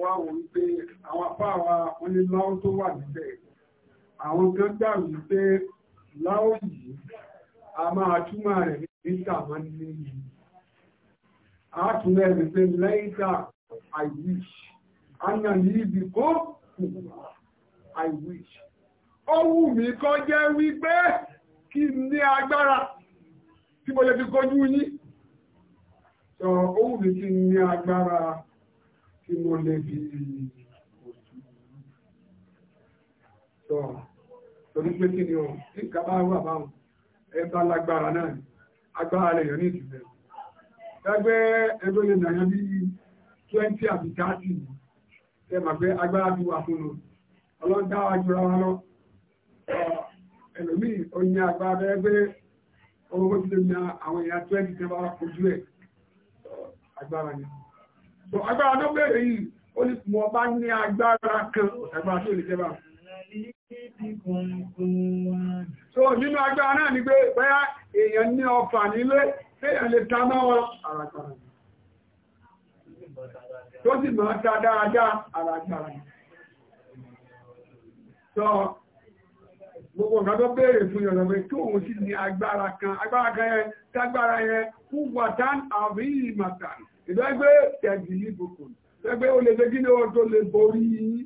wá wò wípé àwọn apá wa wọ́n ní láwọ́ tó wà níbẹ̀ àwọn kan gbà wípé láwọ́ yìí a máa túmọ̀ rẹ̀ níta máa ń yìí a tún rẹ̀ wípé lẹ́yìnká I wish anà yìí bí kó kù I wish ó wù mí kọ́ jẹ́ wípé kí ní agbára tí mo lè fi kojú yín. Sọ ó wù mí kí ní agbára tí mo lè bí òtù torí pé kí ni ọ ní kàbá wà báhùn ẹgbà lágbára náà agbára rẹ̀ yọ ní ìtìlẹ̀ gbẹ́gbẹ́ ẹgbẹ́ lè nàyàn bí 20 àbí 30 ẹ mà pé agbára bí wà fún un ọlọ́dá ajúra wọn lọ ẹlòmíì oyin agbára ẹgbẹ́ owó tí lè na àwọn èèyàn 20 tẹ́wàá kojú ẹ̀ agbára yẹn so agbára tó bẹ̀rẹ̀ yìí ó ní mọ̀ bá ní agbára kan ọ̀sàgbára tó lè jẹba so nínú agbára náà ni pé bẹ́yà èèyàn ní ọfà nílé téèyàn lè ta mọ́ wọn àràgbàrà tó sì mọ̀ ta dáadáa àràgbàrà so gbogbo nǹkan tó béèrè fún yọ̀nà pé tó òun sì ní agbára kan agbára kan yẹn tágbára yẹn kú wàtán àbí ìmàtàn ìdágbé tẹ̀gì ní ìbùkún tẹgbẹ́ o lè jẹ́ kí ní ọdún tó lè borí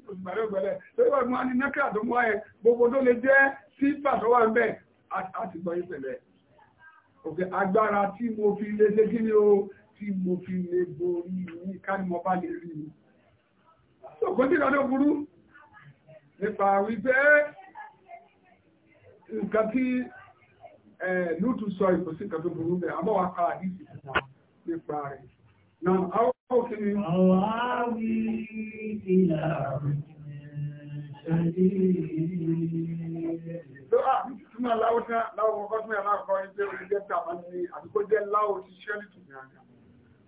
òṣùgbàrẹ́gbẹ̀rẹ́ tó yíwà ní wọ́n ní nẹ́kà tó mú ayẹ gbogbo tó lè jẹ́ sí pàtọ́wà ń bẹ̀ àti gbọ́ ìpẹ̀lẹ̀ òkè agbára tí mo fi lè jẹ́ kí ní o tí mo fi lè borí ní kánimọ̀ bá lè rí mi òkú tí kan tó burú nípa wípé nǹkan tí eh, lútù sọ ìkòsí kan tó burú bẹ̀ àmọ́ wa pa àdísì nípa rẹ̀ Nam áwọ̀ ah, kí ni? Àwọn àwí ìlà Láwọ̀ tí láwọ̀ kọ́kọ́ tí mẹ́rin àkọ́ ní pé orí jẹ́ tàbá ní àdúgbò jẹ́ láwọ̀ tí ṣẹ́rì tó ní àjá.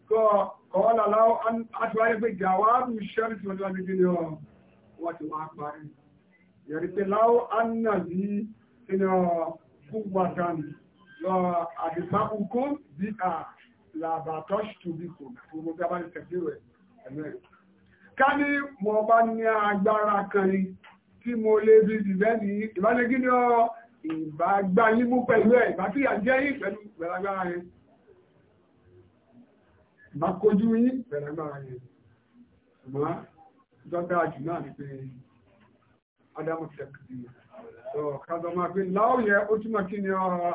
Kọ́ ọ̀ọ́lá láwọ̀ àtúwáyé pé jàwáàrù ṣẹ́rì tó ní àjá ní wọ́n ti wá parí. Yẹ̀rí pé láwọ̀ ánà ní kí ni ọ fún wàtánì lọ àdìsákùnkún bí àà làbàtọ́ṣì tó bí kò gbogbo bí a bá ní tẹ̀síwò ẹ̀mí ẹ̀. ká ní mo bá ní agbára kan ni tí mo lè fi ìbẹ́ ní ìbálẹ́gí ní ọ ìbágbá yín mú pẹ̀lú ẹ̀ ìbá tí àjẹ́ yín pẹ̀lú pẹ̀lágbára yẹn. ìbá kojú yín pẹ̀lágbára yẹn. ṣùgbọ́n dọ́gba jù náà ni pé ádámù tẹ̀kìtì sọ kájọ máa pé láòyẹ ó túmọ̀ kí ni ọ̀rọ̀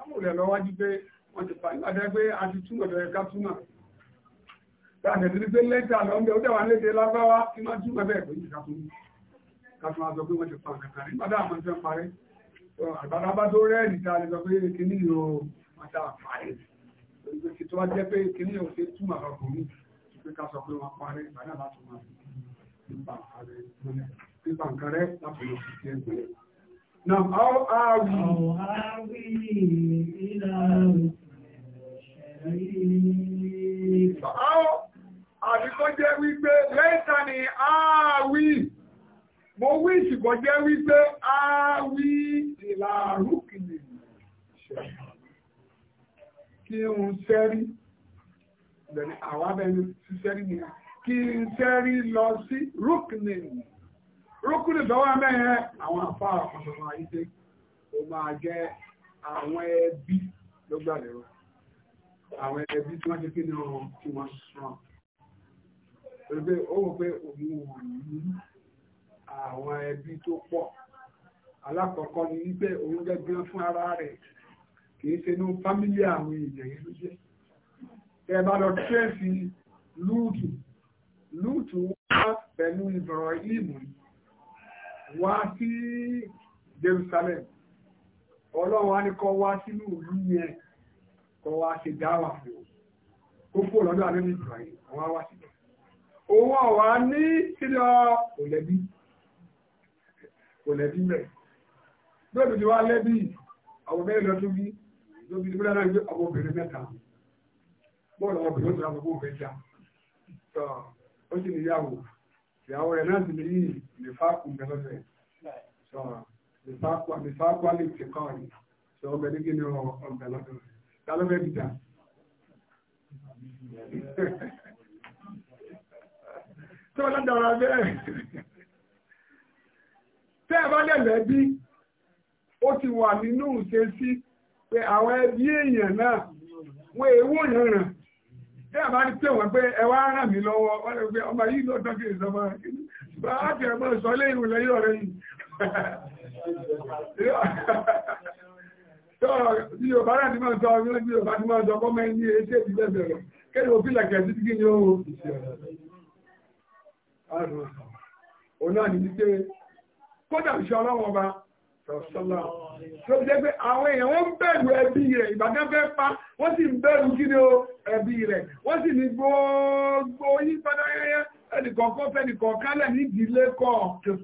àmúlẹ̀ lọ́wájú pé wọ́n ti parí pé a ti túmọ̀ tó yẹ ká túmọ̀ láàrín ìdílé pé lẹ́tà lọ́mbẹ́ ó dẹ̀wà léde lágbáwá tí má túmọ̀ bẹ́ẹ̀ pé ìjìká fún wá sọ a lè sọ pé kíní yóò wọ́n ta parí ìgbésí tó wá jẹ́ pé kíní yóò ṣe túmọ̀ ọkùnrin pé ká sọ pé wọ́n parí ìgbàdá láti máa fi pípa nǹkan rẹ̀ láti lọ sí ẹgbẹ̀rẹ̀ Now, how are we? How are we How in our How àdíkọ́ jẹ́ wípé lẹ́ta are we? mo wí ìṣìkọ́ jẹ́ wípé ààwí ìlàrúkìlì kí n sẹ́rí àwọn abẹni sí sẹ́rí ni kí n sẹ́rí lọ sí rúkìlì rúkúlù tó wà mẹ́rin àwọn afá ọ̀sọ̀kan ayé pé ó máa jẹ́ àwọn ẹbí ló gbà lérò àwọn ẹbí tí wọ́n ti kí ni ọ̀rọ̀ tí wọ́n sàn torí pé ó wò pé òun ò ní àwọn ẹbí tó pọ̀ alákọ̀ọ́kọ́ ni wípé òun gẹ́gẹ́ fún ara rẹ̀ kìí ṣe ní fámílì àwọn èèyàn yìí ló jẹ́ ẹ̀bá lọ tẹ́ẹ̀sì lúùtù lúùtù wá pẹ̀lú Ibrahim ni wá sí Jerusalem ọlọ́wọ́ á ní kọ́ wá sínú ìlú yẹn kọ́ wá ṣe dáwà fún ó kó àwọn àlẹ́bí Ibrahim àwọn wá síbẹ̀ Owo ọ̀wá ní sílọ òlẹ́bí òlẹ́bí mẹ́ lóòbí ti wá lẹ́bí àwọn mẹ́rin lọ tóbi lóbi tí wọ́n gbé ọmọ obìnrin mẹ́ta bọ́ọ̀lù ọmọ obìnrin tó rà mọ́ bó fẹ́ já ó sì níyàwó ìyàwó rẹ̀ náà sì fa yìí nífàkù bẹ́lọ́fẹ̀ sọ nífàkù alẹ́ ti kọ́ ọ̀rẹ́ sọ ọbẹ̀ ní kí ni ọbẹ̀ lọ́dọ̀ ta ló fẹ́ dìjà. tó lọ́dọ̀ọ̀rọ̀ bẹ́ẹ̀ tẹ́ ẹ bá lẹ̀lẹ́ bí ó ti wà nínú ìṣesí pé àwọn ẹbí èèyàn náà wọ́n èèwọ̀ yẹn ràn tí a bá ní pé wọ́n pé ẹwà ràn mí lọ́wọ́ wọ́n lè pé ọmọ yìí lọ́tọ́ kí ìsọmọ ṣùgbọ́n á ti ẹ̀mọ́ sọ lé ìrùn lẹ́yìn ọ̀rẹ́ yìí tó bí o bá rántí máa sọ ọmọ bí o bá ti máa sọ ọmọ ẹni etí èdè bẹ́ẹ̀ bẹ̀rẹ̀ kéde òfin lẹ̀kẹ̀ títí kí ni ó wo òun náà ní kódà ìṣọ́ ọlọ́wọ́ ọba sọ́lá tó jẹ́ pé àwọn èèyàn wọ́n ń bẹ̀rù ẹbí rẹ̀ ìbàdàn fẹ́ pa wọ́n sì ń bẹ̀rù kí ni o ẹbí rẹ̀ wọ́n sì ní gbogbo yí padà yẹ́yẹ́ ẹnìkọ̀ọ̀kan fẹ́nìkọ̀ọ̀kan lẹ̀ nídìílé kọ̀ọ̀kan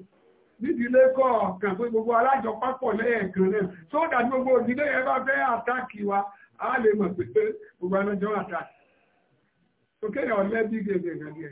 nídìílé kọ̀ọ̀kan pé gbogbo alájọ pápọ̀ lẹ́yẹ̀kan náà tó dàbí gbogbo òdílé yẹn bá fẹ́ àtàkì wa á lè mọ̀ pé gbogbo alájọ àtàkì tó kéèyàn lẹ́bí gẹ̀gẹ̀ gẹ̀gẹ̀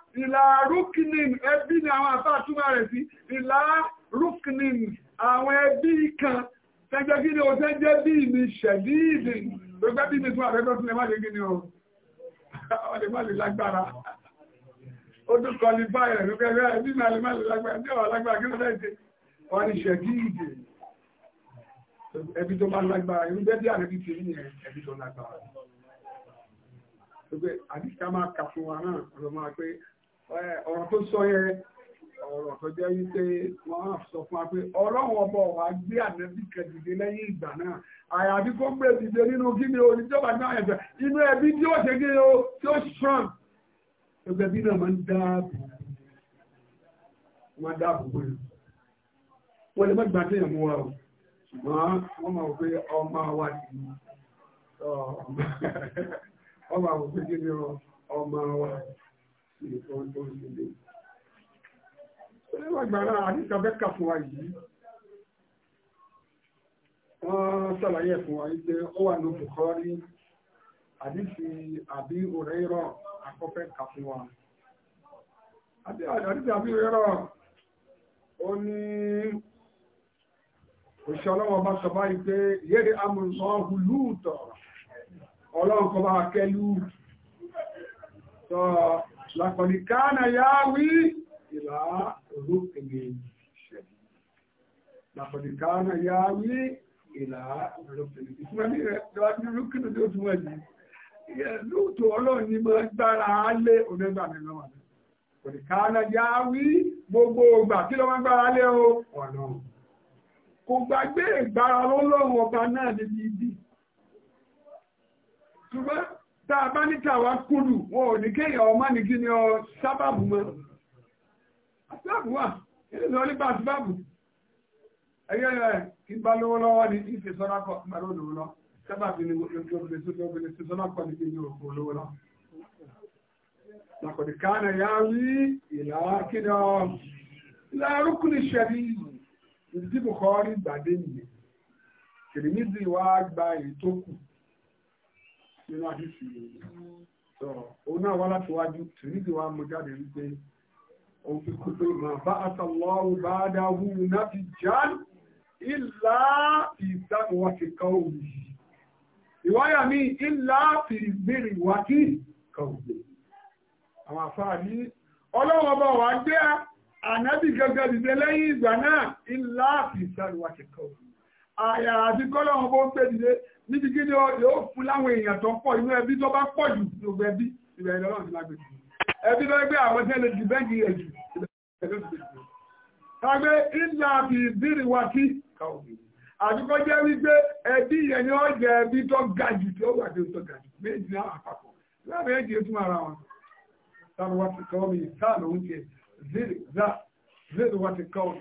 ìlà rúkìnìn ẹbí ni àwọn àfáà túmọ̀ rẹ̀ sí ìlà rúkìnìn àwọn ẹbí kan tẹ́jẹ́ kí ni o tẹ́jẹ́ bí mi ṣẹ̀dí ìdì gbogbo bí mi tún àrẹ́gbẹ́ tún lè má lè gí ni o ọ lè má lè lágbára ó tún kọ ní báyìí rẹ̀ lókè rẹ̀ bí mi àlèmá lè lágbára ní ọ̀rọ̀ lágbára kí ló fẹ́ ṣe wọ́n ní ṣẹ̀dí ìdì ẹbí tó bá lágbára irú bẹ́ẹ̀ bí àrẹ́bí ti rí yẹn ẹbí tó lágbára gbogbo àdìsí máa kà fún wa náà ọ̀rọ̀ máa pé ọ̀rọ̀ tó sọ yẹn ọ̀rọ̀ tó jẹ́ wípé wọ́n sọ fún wa pé ọlọ́run ọba ọ̀wá gbé ànábì kẹ̀dìdé lẹ́yìn ìgbà náà àyàfi kó gbé dìde nínú o níjọba náà ẹ̀fẹ̀ inú ẹbí tí ó ṣe o tí ó strong ẹgbẹ́ bí náà máa ń dáàbò dáàbò pé wọ́n lè má gbà o ṣùgbọ́n wọ́n máa pé nǹkan tó ń ṣẹlẹ̀. Ṣẹ́wọ̀n gbàrà àdìsá bẹ́kà fún wa yìí. Wọ́n ṣàlàyé fún wa pé ó wà ní Bukhari àdìsí àbí òrẹ́rọ̀ àkọ́fẹ́ kà fún wa. Àdìsí àbí òrẹ́rọ̀ ó ní òṣìṣẹ́ ọlọ́wọ́ bá sọ báyìí pé yéèrè amúnsọ́ hùlúùtọ̀ ọlọ́run kọ́ bá kẹ́lú. Sọ Lakọ̀dì káàna yá wí ìlà rúkìnì ṣẹ̀dì. Lakọ̀dì káàna yá wí ìlà rúkìnì. Ìfúnni rẹ̀ lọ́dún rúkìnì tó tún wẹ̀ ní. Lóòtọ́ ọlọ́run ni máa gbára lé onígbà mi lọ́wọ́. Lakọ̀dì káàna yá wí gbogbo ògbà kí Ọ̀nà tá a bá ní tàwa kúrù wọn ò ní kéèyàn ọmọ ní kí ni ọ sábàbù mọ́ sábàbù wà nínú ìlú ọlípa sábàbù ẹgbẹ́ rẹ̀ kí bá lówó lọ́wọ́ ní ìfẹ́ sọ́dá kọ́ bá lówó lówó lọ sábàbù ni ojú obìnrin sókè obìnrin sí sọ́dá kọ́ ní kí ni òkú lówó lọ. Lakọ̀dì kánà yá rí ìlà kíni ọ ìlà arúkùnrin ìṣẹ̀lí ìdíbùkọ́ rí gbàdé nìyẹn. Kìrìmìtì wá gba èyí kù nínú àdìsí yìí sọ̀rọ̀ òun náà wá láti wájú tìrìdì wa mú jáde wípé òun fi kú pé mà bá àtàlọ́rù bá dáhù náà ti jáde ìlà ìdáhùn wa ti kọ́ òun yìí ìwáyà mi ìlà fi ìbéèrè wa kí kọ́ òun àwọn àfáà ní ọlọ́wọ́ bá wà gbé ànábì gẹ́gẹ́ dìde lẹ́yìn ìgbà náà ìlà fi kọ́ òun àyà àti kọ́lọ́wọ́ bó ń pè dìde níbi gídé ọdẹ fún láwọn èèyàn tó pọ̀ inú ẹbí tó bá pọ̀ jù ìbẹ̀rẹ̀ ti ẹbí tó gbé àwọn tẹ́lẹ̀ ti bẹ́ẹ̀gì rẹ̀ jù ìbẹ̀rẹ̀ tó jù. wípé ẹbí yẹn ni jẹ ẹbí tó ga jù tí ó wà tó ga jù méjì ní àpapọ̀ láàrin ẹ̀jẹ̀ tún ara wọn. sáà wá ti kọ́ mi sáà ló ń jẹ zéèrè wá ti kọ́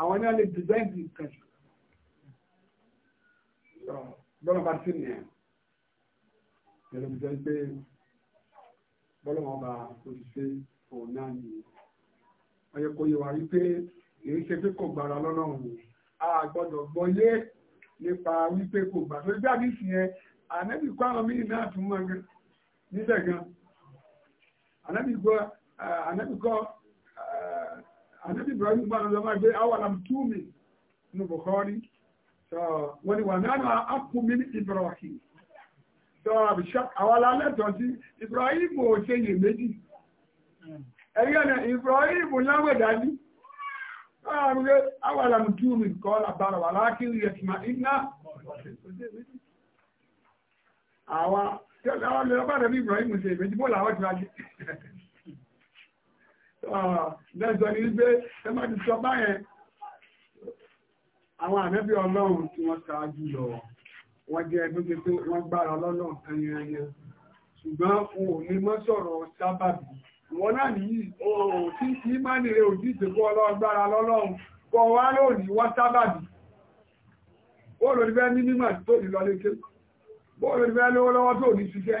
àwọn náà lè design the country bọ́lá bá sí nìyẹn ẹ̀rọ mi jẹ́ pé bọ́lá wọn bá òṣìṣẹ́ òun náà nìyẹn ọyẹ kò yẹ wá rí pé èyí ṣe pé kò gbàrà lọ́nà òun a gbọ́dọ̀ gbọ́yé nípa wípé kò gbà tó gbà nísì yẹn ànábì kọ́ àwọn míì náà tún mọ́ níbẹ̀ gan ànábì kọ́ àdébí Ibrahim gbọ́n lọ máa gbé awàlá túmí ní Bukhari wọ́n ni wà náà ápùmí ní Ibrahim tó àbíṣà àwàlá lẹ́tọ̀ sí Ibrahim ò ṣe yè méjì ẹ̀rí ọ̀nà Ibrahim láwẹ̀dájú awàlá túmí kọ́ làbára wà lákìrí ẹ̀tìmá iná àwọn tẹ́lẹ̀ àwọn lè lọ́bàdàn bí Ibrahim ṣe ìbẹ́jú bó làwọn Ah, lẹ́sọ̀ ní pé ẹ má ti sọ báyẹn àwọn ànábì ọlọ́run tí wọ́n ṣáájú lọ wọ́n jẹ́ ẹgbẹ́ tó pé wọ́n gbára lọ́nà ẹyẹnyẹn ṣùgbọ́n o ò lè mọ́ sọ̀rọ̀ sábàbí wọn náà nìyí ọ̀rọ̀ tí kì í má nílé òjì ìsìnkú ọlọ́run gbára lọ́lọ́run kọ wá lónìí wọ́n sábàbí bóòlù ní bẹ́ẹ̀ ní mímọ̀ tó ní lọ lékè bóòlù ní bẹ́ẹ̀ lówó lọ́wọ́ tó ní ṣiṣẹ́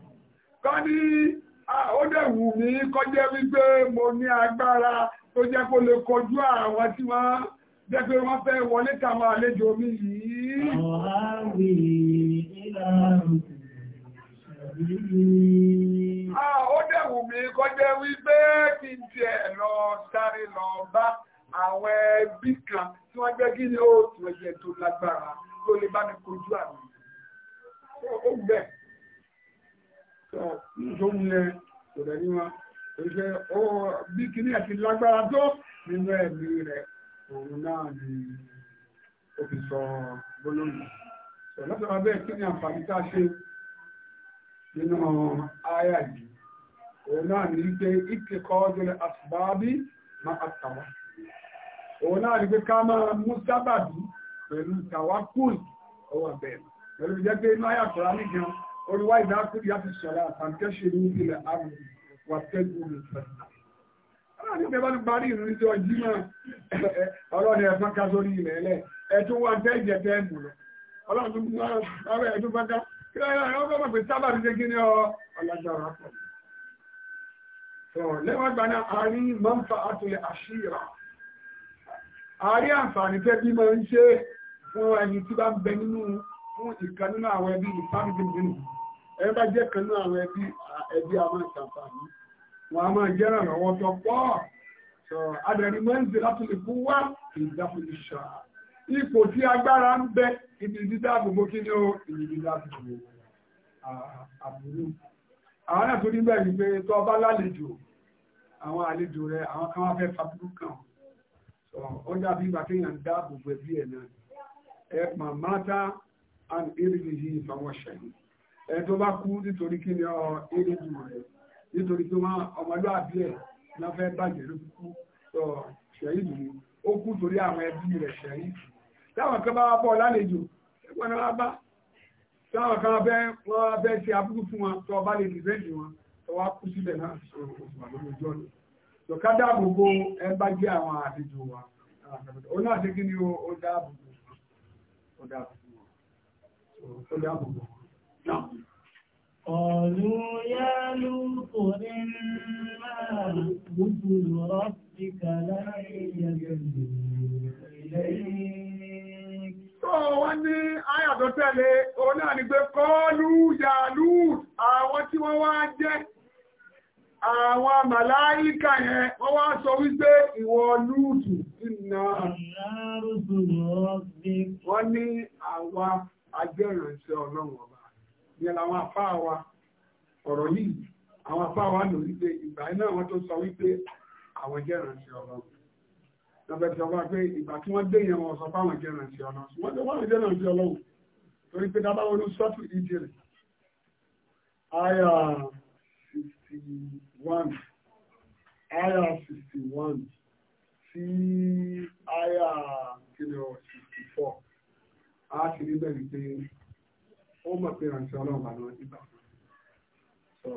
kọ́ ní ó dẹ̀ wù mí kọjẹ́ wípé mo ní agbára tó jẹ́ kó lè kojú àwọn tí wọ́n jẹ́ pé wọ́n fẹ́ wọlé tàwọn àlejò mi yìí. Ó dẹ̀ wù mí kọjẹ́ wípé kí n tiẹ̀ lọ sáré lọ bá àwọn ẹbí kan tí wọ́n jẹ́ kí ni ó tún ẹ̀jẹ̀ tó lágbára tó lè bá mi kojú àwọn. Ó bẹ́ẹ̀ ìṣòwúnlẹ̀ kò dẹ̀ ní wọn oríṣẹ́ bí kíní àti lágbára tó nínú ẹ̀mí rẹ̀ òun náà ni ó fi sọ gbólóhùn sọ lọ́sọ̀rọ̀ bẹ́ẹ̀ kí ni àǹfààní tá a ṣe nínú àyà yìí òun náà ní pé ike kọ́ọ́dún àṣùbábí máa àtàwà òun náà ní pé ká máa mú sábàbí pẹ̀lú tàwákùn ọwọ́ bẹ́ẹ̀ pẹ̀lú ìjẹ́ pé inú àyà kọ̀ọ̀rọ̀ nìkan olùwà ìdákùrì àti sọ̀rọ̀ àtàkẹ́ṣe ní ilẹ̀ àrùn wà tẹ́gùn ní ìfẹ̀sà. Ọlọ́run ní bẹ́ẹ̀ bá ń parí ìrìn tí ọjí náà ọlọ́run ẹ̀ fọ́nká sórí ilẹ̀ ẹlẹ́ ẹ̀ tó wá tẹ́ ìjẹ tẹ́ mù lọ. Ọlọ́run tó mú ọwọ́ ẹ̀ tó fọ́nká kí ọlọ́run bá mọ̀ pé sábà ti ṣe kí ni ọlọ́jọ́ra pọ̀. Lẹ́wọ̀n ẹ bá jẹ́ kan náà àwọn ẹbí ẹbí a máa ṣàǹfààní wọn a máa jẹ́ ìrànlọ́wọ́ tó pọ̀ sọ adẹ̀rí mẹ́ǹsì láti lè fún wá ìdáfúnni ṣá ipò tí agbára ń bẹ ibi dídáàbòbò kí ni ó ibi dídáàbòbò àbúrò àwọn náà tó nígbà yìí pé tó ọba lálejò àwọn àlejò rẹ àwọn kan wá fẹ́ faburú kàn ó dàbí ìgbà kéèyàn dáàbòbò ẹbí ẹ̀ náà ẹ̀ pàmáta and èrìlì yìí ìfàwọ̀ṣẹ̀yìn ẹni tó bá kú nítorí kí ni ọ eré jù rẹ̀ nítorí pé wọ́n ọmọlúwàbí ẹ̀ ní wọ́n fẹ́ bàjẹ́ ló kú sọ ṣẹ̀yìn nìyí ó kú torí àwọn ẹbí rẹ̀ ṣẹ̀yìn táwọn kan bá wá bọ̀ lálejò ẹgbẹ́ náà bá táwọn kan bẹ́ wọ́n bẹ́ ṣe abúrú fún wọn tó ọba lè dìbẹ́ǹdì wọn tó wá kú síbẹ̀ náà sọ òṣùwà lórí ojú ọ̀nà tó ká dáàbò wa ó náà ṣe kí ni dáàbò bo نعم قالوا يا لوط إنا رسل ربك لا يجلون wọ́n ní àyàtọ̀ tẹ̀lé òun náà ni pé yàlú àwọn tí wọ́n wá jẹ́ àwọn màláíkà yẹn wọ́n wá sọ wípé lúùtù wọ́n ní ọlọ́run yẹn làwọn àfáà wa ọ̀rọ̀ yìí àwọn àfáà wa lò wípé ìgbà iná wọn tó sọ wípé àwọn jẹ́ ìrànṣẹ́ ọlọ́run ọba pé ìgbà tí wọ́n dé yẹn wọn sọ fáwọn jẹ́ ìrànṣẹ́ wọ́n jẹ́ wọ́n jẹ́ ìrànṣẹ́ torí pé dábàá wọn sọ́tù ìdílé àyà 61 sí àyà 64 a ti rí bẹ́ẹ̀ ó mọ̀ pé ránṣẹ́ ọlọ́run bá lọ́wọ́ nígbà fún so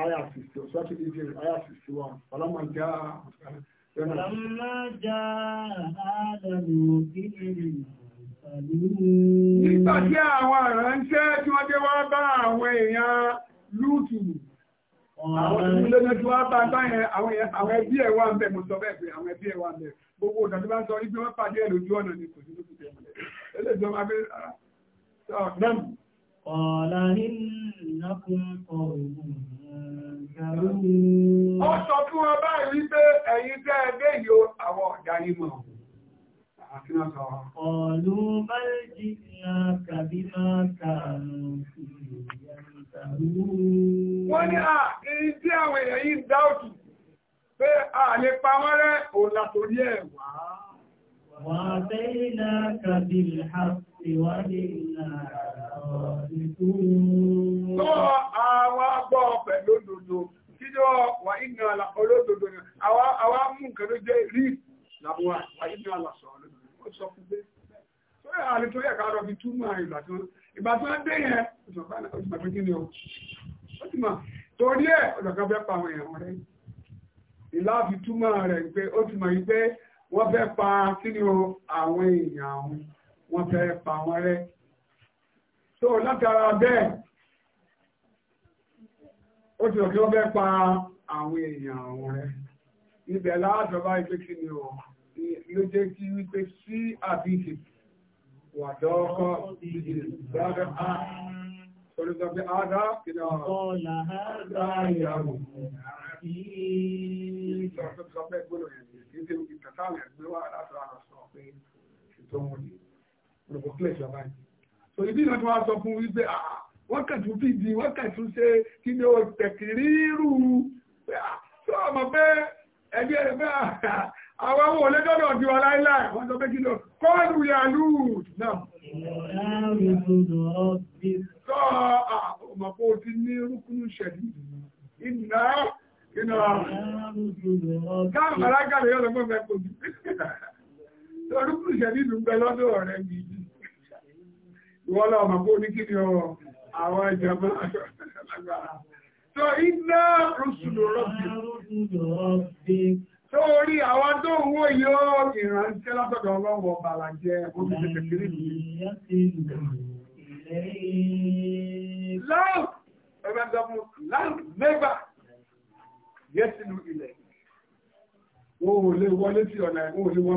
aya sixty sọ́tún ìdíje aya sixty one ọlọ́mọ já ọlọ́mọ já nígbà tí àwọn aránṣẹ́ tí wọ́n dé wá bá àwọn èèyàn lúùtù àwọn ìlú lójú wá bá báyẹn àwọn ẹbí ẹ̀ wà ń bẹ̀ mo sọ bẹ́ẹ̀ pé àwọn ẹbí ẹ̀ wà ń bẹ̀ gbogbo ìdájọ́ bá ń sọ ibi wọ́n pàdé ẹ̀ lójú ọ̀nà ni kò sí lókùtẹ̀ ẹlẹ́jọ́ máa قال إنكم قوم Ó sọ fún wọn báyìí wípé ẹ̀yin tẹ́ ẹgbẹ́ yìí àwọn ọ̀dá yìí mọ̀. Ọ̀lú bá jí ìyá kàbí máa kààrùn sí ìyá ìtàrú. Wọ́n ní à, èyí àwọn èèyàn yìí dáòtù Lọ́wọ́ àwọn agbọ́ ọ̀fẹ́ lódodo, títọ́ wà ìgbà àlàkọ́ lódodo ni, àwọn amú nǹkan ló jẹ́ rí làbúwà wà ìgbà àlàsọ̀ lódodo. Ó fi túmọ̀ rẹ̀. pé ó ti mọ̀ yí wọ́n fẹ́ pa kí ni o àwọn èèyàn àwọn wọ́n fẹ́ pa wọ́n rẹ́ tó látara bẹ́ẹ̀ ó ti ọ̀kí wọ́n fẹ́ pa àwọn èèyàn àwọn rẹ̀ ibẹ̀ láàtọ̀bá ìpé kí ni ọ̀ ló jẹ́ kí wípé sí àbíkì wà dọ́ọ̀kọ́ ìdílé Olùsọ pé àádá ìdá ọ̀rọ̀. Ọ̀là àádá ìyàwó. Ìjọ́ tó sọ pé gbọ́nà ẹ̀yìn, ìdí tí ó ti tàtàlẹ̀ gbé wà látọ̀ àrọ̀ sọ pé ìtọ́ wọn ni lọ́kọ̀ clear ìjọba yìí so ibi náà tí wọ́n sọ fún wípé ah, wọ́n kàn tún fìdí wọ́n kàn tún ṣe kí ni o tẹ̀kìrí rú sọ ah, ọmọ pé ẹgbẹ́ ẹgbẹ́ ah, àwọn ọmọ olójọ́dọ̀ di wọn láíláì wọ́n sọ pé kí lọ kọ́ọ̀lù yàlú náà sọ ọmọ pé o ti ní rúkúnú ṣẹ̀dí ìnà ìnà káàmù alágbàlẹ̀ yọ́ lọ́gbọ́n mẹ́kọ̀ọ́ Lọ́dún àwọn Tó ń wó yóò ìrànṣẹ́ látọ̀dọ̀ ọlọ́wọ̀ bàlàjẹ́ òbí kékeré mi. Love, ẹgbẹ́ gbọ́mú, love never yẹ́sìnú ilẹ̀. Wọ́n ò lè wọlé sí ọ̀nà ẹ̀wọ̀n ò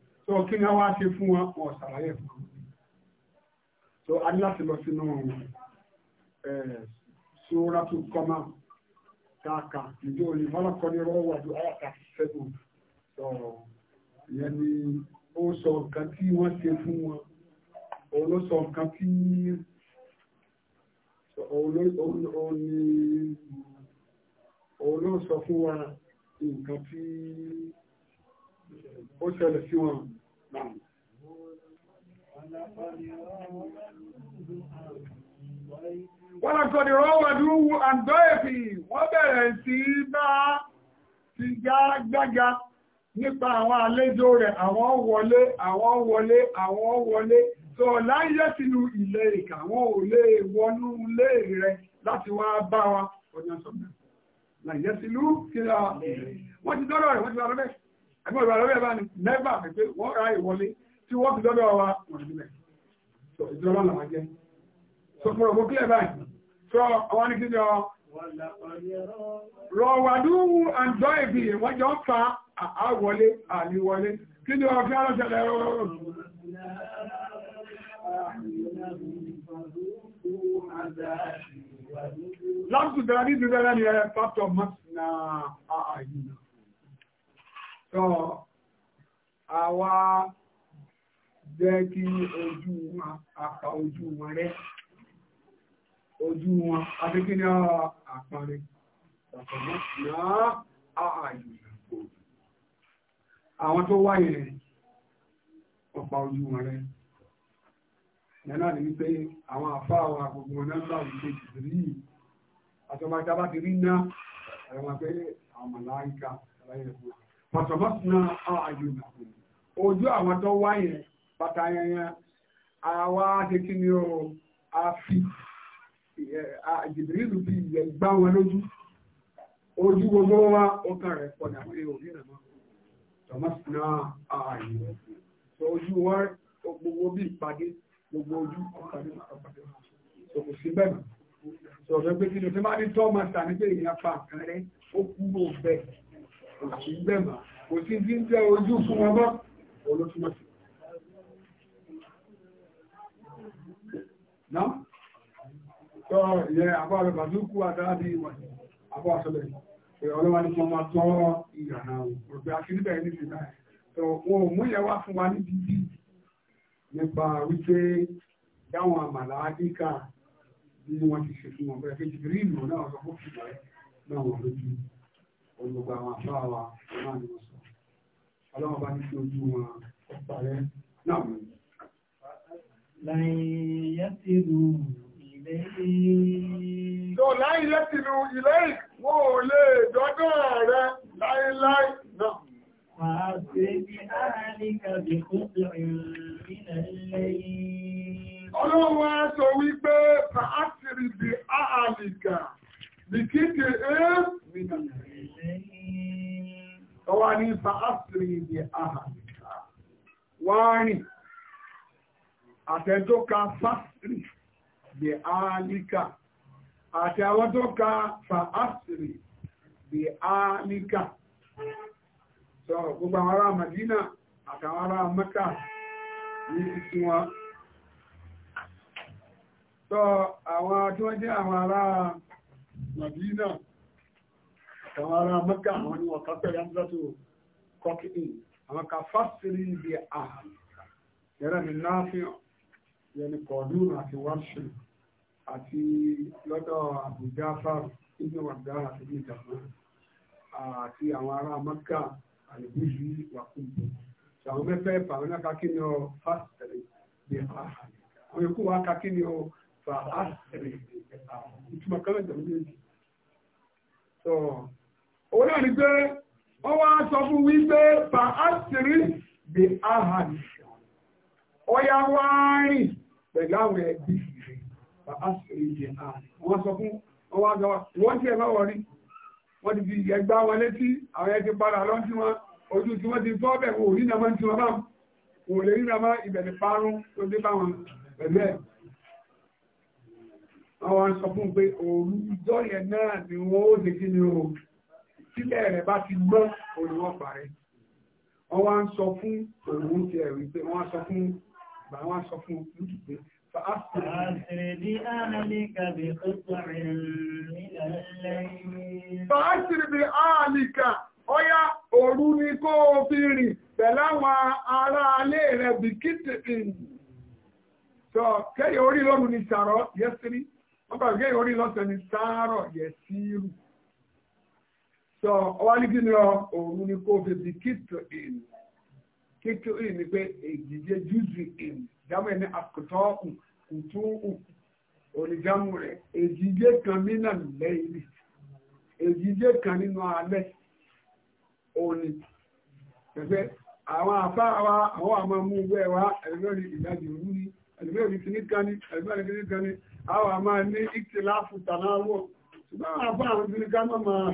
so kí ni wá ṣe fún wọn ṣàlàyé fún wọn so a ní láti lọ sínú ṣóra tó kọ́mà káàkà ìjọ òní mọ́lọ́kọ́ ní rọ́wọ́ àjò àyàkà sẹ́gun so ìyẹn ni ó sọ nǹkan tí wọ́n ṣe fún wọn òun ló sọ nǹkan tí òun òun ló sọ fún wa nǹkan tí ó ṣẹlẹ̀ sí wọn Wọ́n lọ kọ̀dì rọ́wọ̀dú àndọ́ẹ̀fì wọ́n bẹ̀rẹ̀ sí bá ti já gbága nípa àwọn àlejò rẹ̀ àwọn wọlé àwọn wọlé àwọn wọlé tó láyé sínú ilé ìkà àwọn ò lè wọnú ilé rẹ̀ láti wá bá wa ọjọ́ sọ̀rọ̀ láyé sínú kíra ẹgbẹ́ ìgbà lọ́wọ́ ẹ̀ bá ní pé wọ́n ra ìwọlé tí wọ́n fi lọ́dọ̀ wa wọ́n ti bẹ̀. sọ ìjọba làwọn jẹ́ sọ fún ọ̀gbọ́n kílẹ̀ báyìí sọ àwọn ní kíjọ rọ̀wàdú àjọ ìbí wọ́n jọ fa àwọlé àníwọlé kíjọ fi alọ́sẹ̀lẹ̀ rọrùn. láti ní ìdúgbẹ́rẹ́ ni ẹ fàtọ̀ mọ́sí na ààyè tó àwa jẹ́ kí ojú wọn àpà ojú wọn rẹ̀ ojú wọn adékíní àpàrin ọ̀pọ̀lọpọ̀ náà ààyè àwọn tó wáyé rẹ̀ ọ̀pá ojú wọn rẹ̀ yẹnà ní wípé àwọn àfáà wa gbogbo wọn náà báwọn ṣe jìbìrì yìí àtọ́mọ́ta bá ti rí náà ẹ̀rọ wọn pé àwọn màláìka aláyẹ̀kú pàtàkì àyùnàkùn ojú àwọn tó wá yẹn bàtà yẹn àwa àtẹkí ni ó àfi jìbìrìlù fi yẹ gbá wọn lójú ojú gbogbo wa ó kàn rẹ pọ̀ dàbí òbí náà pàtàkì àyùnàkùn ojú wa gbogbo bí ìpàdé gbogbo ojú ọ̀pàdé ọ̀pàdé ọ̀pàdé sí bẹ́ẹ̀ sọ̀rọ̀ pé kí ni o ti máa ní tọ́ máa tà ní pé èèyàn pa àkàrẹ́ ó kúrò bẹ́ẹ̀ òkì gbẹ̀mà kò sí bí ń jẹ́ ojú fún wọn bá olótúmọ̀ sí. Ná? Sọ ìyẹn àbọ̀ rẹ̀ bàdúkú àdáàbí ìwọ̀n àbọ̀ àṣọlẹ̀ ìyẹn ọlọ́wà ní wọ́n máa tọ́ ìyànà òpè akíníbẹ̀ ní ti náà. Sọ wọn ò mú yẹn wá fún wa ní dídí nípa wípé dáwọn àmàlà ágíkà bí wọ́n ti ṣe fún wọn bẹ́ẹ̀ kejì rí ìlú náà sọ fún ìgbà náà wọ́n lójú olùgbà àwọn àṣà wa náà ni wọ́n sọ ọlọ́wọ́ bá ní kí ojú wọn parẹ́ náà mú. láyé ti lu ilé yìí. tó láyé láti lu ilé yìí wọn ò lè dọ́dọ̀ rẹ láéláé náà. Wàá ṣe bí sọ wípé fàátìrì bí àárínkà bí kíkì ẹ́ nìyẹn. ọwá ní dị ìdí àhàdìkà wá àtẹ́jọ́ ka fàásìrì ìdí àti àwọn tó ka fàásìrì ìdí àhàdìkà sọ gbogbo àwọn ará Madina àtàwọn ará Mẹ́kà ní ìsí wọn sọ àwọn tí wọ́n jẹ́ àwọn ará àwọn ará mẹ́kà àwọn ni wọ́n kọ́kẹ́ yamzatu kọ́kìtì àwọn kan fásitì ibi ààrùn yẹrẹ mi náàfihàn yẹni kọ̀ọ̀dún àti wáṣù àti lọ́dọ̀ àbújá fáwọn ibi wàgbà àti ibi ìjàmbá àti àwọn ará mẹ́kà àlùbíyí wàkúùbù ṣàwọn mẹ́fẹ́ bàwọn náà kakí ni ọ fásitì ibi ààrùn àwọn ikú wa kakí ni ọ fà á sẹ̀rẹ̀ ìtumọ̀ kọ́lẹ̀ So. méjì òun náà ni pé wọ́n wá sọ fún wípé pa ásìrí bí ahàdì ọya wá rìn pẹ̀lú àwọn ẹbí rẹ̀ pa ásìrí bí ahàdì wọ́n sọ fún wọ́n wá gbọ́ wọ́n tiẹ̀ bá wọ̀ rí wọ́n ti fi ẹgbá wọn létí àwọn ẹgbẹ́ padà lọ́n tí wọ́n ojú tí wọ́n ti tọ́ bẹ̀ wọ́n ò rí nàmọ́ tí wọ́n bá wọ́n lè rí nàmọ́ ìbẹ̀lẹ̀ parun tó dé bá wọn pẹ̀lú àwọn sọ fún pé òru ìjọ yẹn náà ni wọ́n ó ṣe kí ni o sílẹ̀ rẹ̀ bá ti gbọ́ olùwọ́ parẹ́ ọwọ́ ń sọ fún òun ti ẹ̀rí pé wọ́n sọ fún ìgbà wọ́n sọ fún lùtù pé fàásìrì bí áàlìkà ọyá òru ni kó o fi rìn pẹ̀láwọn ará alé rẹ̀ bí kìtìkì sọ kẹ́yìn orí lọ́rùn ni sàárọ̀ yẹ́sìrì wọ́n bá kẹ́yìn orí lọ́sẹ̀ ni sàárọ̀ yẹ́sìrì so ọwá ní kí ni ọ òun ni kó fi di kíkọ in kíkọ in ni pé èjìjẹ júùsì in jámọ ẹni àkùtọ kùtù oníjàmù rẹ èjìjẹ kan nínà lẹ́yìn èjìjẹ kan nínú alẹ́ òní ẹgbẹ́ àwọn afá wa àwọn àmọ́ mú wẹ́ wa ẹ̀rọ ìdájì òru ni ẹ̀rọ ìkíní kan ní ẹ̀rọ ìkíní kan ní àwọn àmọ́ ní ìkìlá fùtà náà wọ̀ ṣùgbọ́n àwọn afá àwọn ìkíní kan náà máa.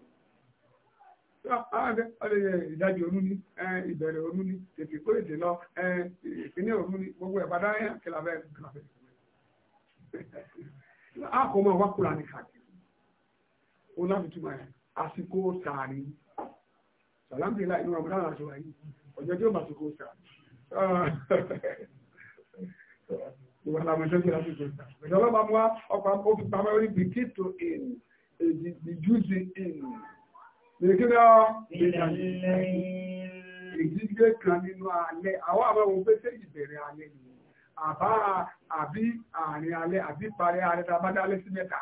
Ah, ah, ìdájọ́ òru ni ìbẹ̀rẹ̀ òru ni tètè kó ètè lọ ìpínlẹ̀ òru ni gbogbo ẹ̀ padà yẹn kí labẹ́ kìlàbẹ́. a kò mọ wá kúra ní káàkiri ó láti túmọ̀ ẹ̀ àsìkò sàárì sàlámì láì ní ọmọdé àwọn àṣọwáyé ọjọ́ tí ó bá sìkò sàárì. Ah. ìwà làwọn ẹjọ́ tí ó bá sìkò sàárì. ìjọba bá mú wa ọkọ̀ àpò òfin pamẹ́ orí bìkítù in èdè ìjúzi in. Ìrìnkílọ́ kan nínú alẹ́, àwọn àbáwọn pé tẹ́ ìbẹ̀rẹ̀ alẹ́ ni, àbá àbí àárín alẹ́ àbí parí alẹ́ tàbá dálẹ́ sí mẹ́ta.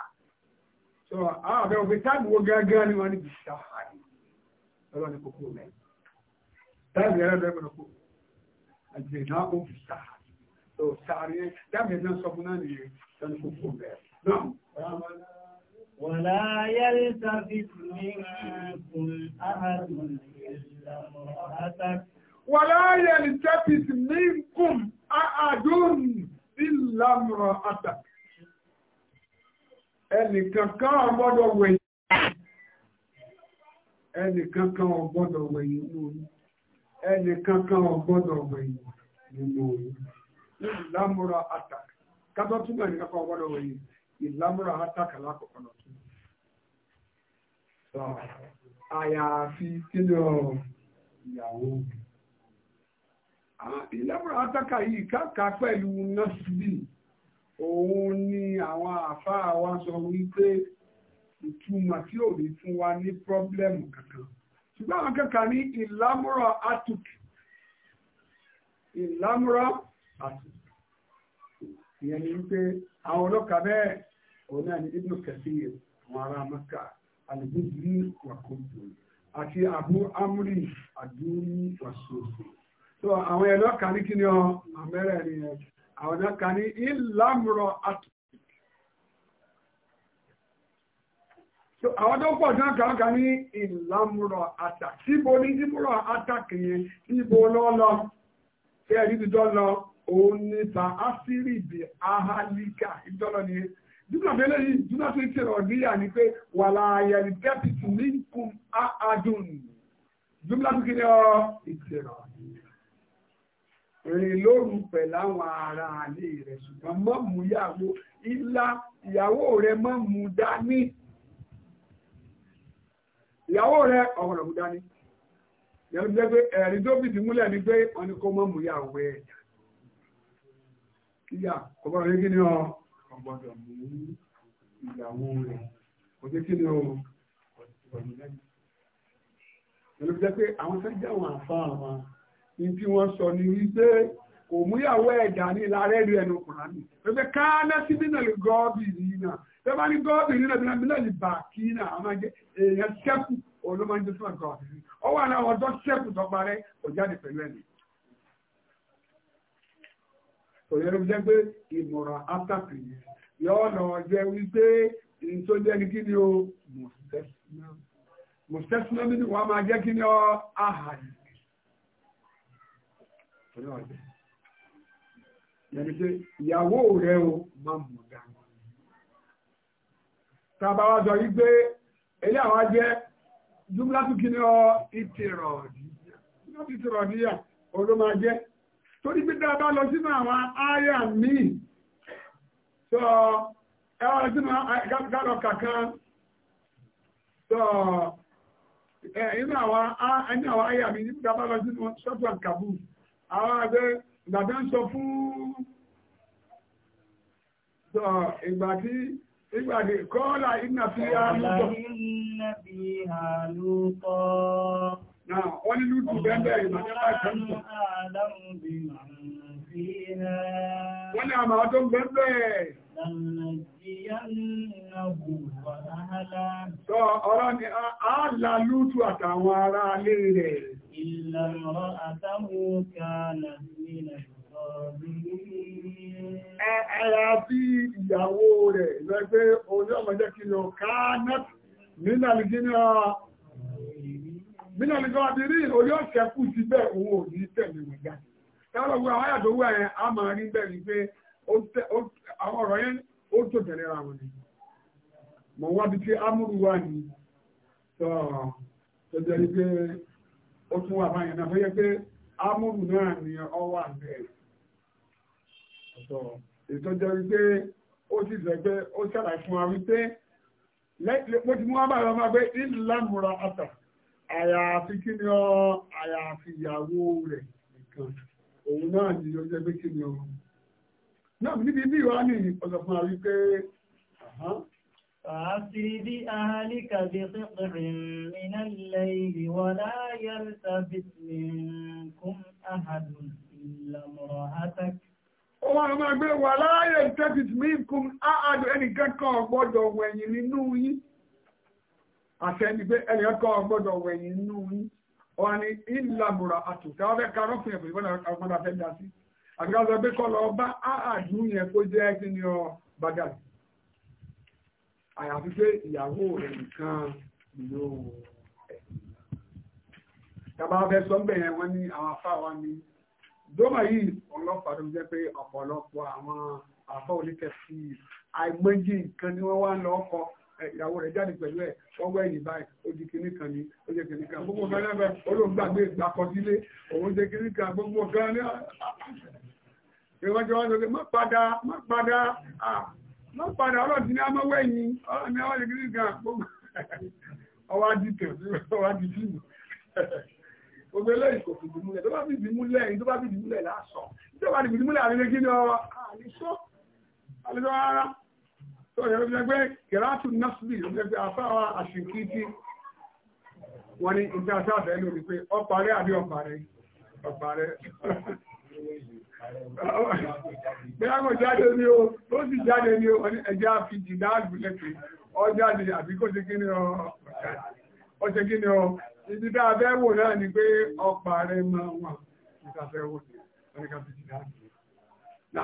So, àwọn àbẹ̀wọ̀n pé táàbù wo gẹ́gẹ́ ni wọ́n ní bí sáàrì lọ́wọ́ ní kókó rẹ̀. Táàbù yẹn lọ́dọ̀ ẹgbẹ̀rún kó, àjẹ́ ولا يلتفت منكم أحد إلا امرأتك ولا يلتفت منكم أحد إلا امرأتك ẹnìkankan ò gbọ́dọ̀ wẹ̀yìn ẹnìkankan ò gbọ́dọ̀ wẹ̀yìn nínú oyún ẹnìkankan ò gbọ́dọ̀ wẹ̀yìn nínú oyún ìlàmúra àtàkà kábọ́túmọ̀ ẹnìkankan ò gbọ́dọ̀ wẹ̀yìn ìlàmúra àtàkà lákọ̀ọ́kọ́ lọ́tún. àyàfi kí ni ọ̀rọ̀ ìyàwó mi. ìlẹ́mùrà àtàkà yìí káàkà pẹ̀lú nọ́sìbì òun ni àwọn àfáà wa sọ wípé ìtumọ̀ tí ò ní fún wa ní pọ́blẹ́mù kankan ṣùgbọ́n àwọn kankan ní ìlámúrà àtùkì ìlámúrà àtùkì ìyẹn ni wípé àwọn ọlọ́kà bẹ́ẹ̀ òun náà ní ibùdókẹ́sì àwọn ará mọ́kà alìbùsùlì wàkóso àti abu amri àdúrí wàsóso so àwọn ẹ̀ lọ́ka ní kí ni ọ àmẹ́rẹ̀ ni ẹ àwọn lọ́ka ní ìlàmùrọ̀ àtù. so àwọn tó pọ̀ tí wọ́n kà ọ́ka ní ìlàmùrọ̀ àtà síbo ní síbúrọ̀ àtà kìyẹn síbo lọ́lọ́ tí ẹ̀rí ti dọ́ lọ òun ní ta ásírì bí ahálíkà ìdọ́lọ́ ni júdà mẹ́lẹ̀ yìí júdà tó ń tẹ̀rọ níyà ni pé wà láàyẹ̀lì dẹ́pìtì ní kùn áádùn júdà tó kéde ọ ìtẹ̀rọ rìn lóru pẹ̀láwọn ará àlè rẹ̀ ṣùgbọ́n mọ́ mú yàwó ilá ìyàwó rẹ̀ mọ́ mú dání ìyàwó rẹ̀ ọ̀rọ̀ mú dání yẹnu jẹ́ pé ẹ̀rí tó fìdí múlẹ̀ ni pé wọ́n ní yàwó ẹ̀ kíyà kọ́kọ́rọ́ gbọ́dọ̀ mú ìyàwó rẹ̀ kò jẹ́ kí ni o ọ̀dùn lẹ́yìn. pẹ̀lú jẹ́ pé àwọn sẹ́jà àwọn àfa àwọn ní tí wọ́n sọ ni wípé kò múyàwó ẹ̀dá ní ìlàrẹ́ rí ẹnu kùránì pẹ̀lú káánà sí nínà lè gọ́ọ̀bì nínà pẹ̀lú bá ní gọ́ọ̀bì nínà bí náà lè bà kí náà a máa jẹ èèyàn sẹ́kù olómọ́jọ́ tó wà gọ́ọ̀bì ọ wà láwọn ọjọ́ sẹ́kù tó parẹ́ kò jáde pẹ̀lú ẹ̀mí òyìnbó jẹ́ pé ìmọ̀ràn ápàkì yẹn yọ́ lọ jẹ́ wípé ní tó jẹ́ ní kí ni o mùsùlùmí nínú wa máa jẹ́ kí ni ọ àhàyè yẹni pé ìyàwó rẹ o máa mọ̀ dáná tàbá wa sọ wípé ilé àwọn jẹ́ júmùlátù kí ni ọ ìtìrọ̀díyà olóma jẹ́ torí pé dáadáa lọ sínú àwọn àyà míì sọ ẹwà sínú gálọ kankan sọ inú àwọn àyà míì ní dáadáa lọ sínú ṣọ́tù àkàbù àwọn àgbẹ̀ ìgbàdá ń sọ fún sọ ìgbà tí Ìgbàdì kọ́ọ́lá ìnàfíà lútọ̀ wọ́n ní lúdù bẹ́ẹ̀ wọ́n ní àmà ọdún bẹ́ẹ̀ Sọ ọ̀rọ̀ ni a là lútù àtàwọn ará alé rẹ̀. Ìlànà àtàwọn kààlà nílẹ̀ Ẹ̀yà ìyàwó rẹ̀ lẹ́gbẹ́ orí ọmọ kí lọ káà náà nílẹ̀ gínú nínú ọ̀nìkan àti rí orí ọ̀sẹ̀ kù síbẹ̀ òun ò ní tẹ̀lé wọn jáde táwọn ọ̀gbọ́n àwọn àyàtọ̀ owó ẹ̀ á máa rí bẹ́ẹ̀ ni pé àwọn ọ̀rọ̀ yẹn ó tó tẹ̀lé ra wọn ni mọ̀ wá bí pé amúrú wà ní tọ́ tó jẹ́ pé ó tún wà báyìí náà fẹ́yẹ́ pé amúrú náà ni ọ wà bẹ́ẹ̀ ìtọ́jọ́ wípé ó sì sọ pé ó ṣàlàyé fún wa wípé mo ti mú wá báyìí lọ́mọ pé ìlú lámùra àtà àyàfi kí ni ọ àyàfi ìyàwó rẹ̀ nìkan òun náà ni ó jẹ́ pé kí ni ọ náà níbi bí ìwá ní ọ̀sọ̀ àrí pé فَأَسْرِ بِأَهْلِكَ بِقِطْعٍ مِنَ اللَّيْلِ وَلَا يَلْتَفِتْ مِنكُمْ أَحَدٌ إِلَّا امْرَأَتَكَ ó máa gbé wà láàyè tẹ́fìtì mí kún áàdù ẹnìkan kan ọ̀gbọ́dọ̀ wẹ̀yìn nínú yín àtẹni pé ẹni ọkọ̀ ọgbọ́dọ̀ wẹ̀yìn inú yín wọ́n ní ìlàbùrà àtò tẹ́wọ́n fẹ́ ka rọ́pìn ẹ̀fọ́ ìbọn àwọn afẹ́ dá sí àgbà sọ pé kọ́ lọ bá àádùn yẹn kó jẹ́ kí ni ọ bàgàdì àyàfi pé ìyàwó rẹ̀ nìkan ló ẹ̀ tàbá fẹ́ sọ ń bẹ̀yẹn wọ́n ní àwọn afá wa ní dọ́mà yìí ọlọ́pàá tó jẹ́ pé ọ̀pọ̀lọpọ̀ àwọn afá oníkẹ́sì àìmọye nǹkan ni wọ́n wá ń lọ ọkọ̀ ìyàwó rẹ̀ jáde pẹ̀lú ẹ̀ ọwọ́ ẹ̀yìn báyìí ó di kinní kan ní ó jẹ́ kinní kan gbogbo kan náà olóògbàgbé ìgbàkọsílé òun jẹ́ kinní kan gbogbo kan ní ìwọ́jọ́ wọn má padà má padà ah, má padà ọlọ́dún ní amọ́wọ́ ẹ̀yìn ọlọ́dún ní amọ́wọ́ kinní kan gbogbo ọwọ́ adìtẹ̀ ọwọ́ adìtìmù gbogbo eléyìí kò fìdí múlẹ̀ tó bá fìdí múlẹ̀ yìí tó bá fìdí múlẹ̀ lásọ̀ tó bá fìdí múlẹ̀ àrílẹ̀ kí àlìsọ́ àlìsọ́ rárá tó yẹ lẹ́gbẹ́ kẹràtù nọ́sìbì lẹ́gbẹ́ ni jáde o tó sì jáde ní o ẹja fi jìdá àgbẹ̀lẹ́pẹ̀ àbí ṣe kí ni ọ kí ni ọ ibi tá a fẹ́ wò náà ni pé máa wà fẹ́ wò ní ká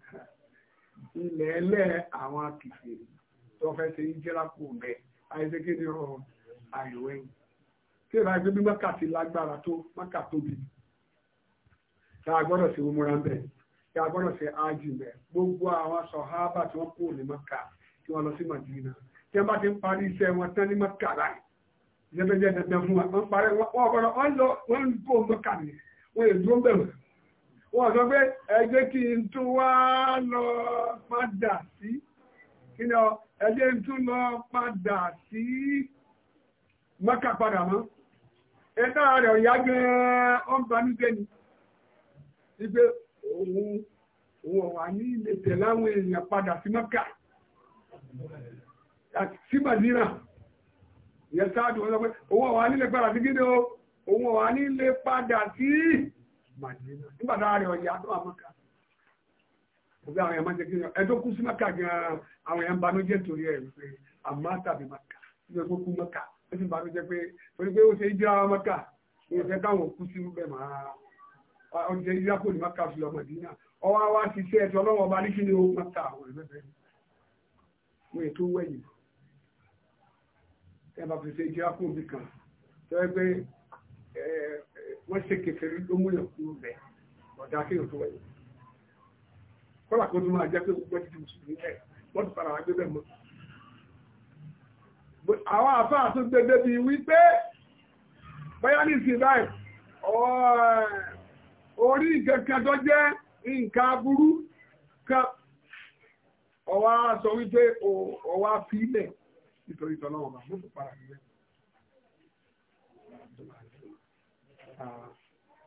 ilẹ̀ ẹlẹ́ àwọn kìfì tó fẹ́ ṣe ìjẹ́ra kù bẹ́ẹ̀ àìsèkéde rọrùn àìwẹ́yìn tí maka ẹgbẹ́ bí mọ́kà ti lágbára tó mọ́kà tóbi tá a gbọ́dọ̀ ṣe omura ń a gbọ́dọ̀ ájì gbogbo àwọn tí wọ́n kú ní mọ́kà tí wọ́n lọ sí màdínà tí wọ́n bá ti ń parí iṣẹ́ wọn tán ní mọ́kà láì wa wọ́n sọ pé ẹjẹ́ kí n tún wá lọ padà sí kí ni ọ ẹjẹ́ n tún lọ padà sí mọ́kà padà mọ́ ẹ̀ta rẹ̀ ọ̀yá gan-an ọ̀nbanújẹ́ ni wípé òun òun ọ̀wà ní ilé tẹ̀lé àwọn èèyàn padà sí mọ́kà sí Màdínà ìyẹn sáájú wọn sọ pé òun ọ̀wà ní ilé padà sí gídé o òun ọ̀wà ní ilé padà sí. Màdínà nígbà tá a rẹ̀ ọ̀yà tó àwọn kan òbí àwọn èèyàn máa ń jẹ́ kí ẹ tó kú sí Mẹ́kà gan-an àwọn èèyàn banújẹ́ torí ẹ̀ pé àmọ́ tàbí Mẹ́kà nígbà tó kú Mẹ́kà ó sì banújẹ́ pé torí pé ó ṣe ìjìrà wa Mẹ́kà ìyẹn fẹ́ káwọn kú sí bẹ́ẹ̀ máa ó ṣe ìjìrà kò ní Mẹ́kà fi lọ Màdínà wọ́n ṣe kèfèrí ló múyàn kúrò bẹ̀ ọ̀dá kéèyàn tó wẹ̀yìn kọ́lá kan tó máa jẹ́ pé gbogbo títí mùsùlùmí ẹ̀ wọ́n ti fara gbé bẹ́ẹ̀ mọ́ àwọn àfáà tó gbé débi wípé bóyá ní ìsìn báyìí orí nǹkan kan tó jẹ́ nǹkan aburú kan ọwá sọ wípé ọwá fílẹ̀ nítorí tọ́lọ́wọ́ bá mú fara gbé bẹ́ẹ̀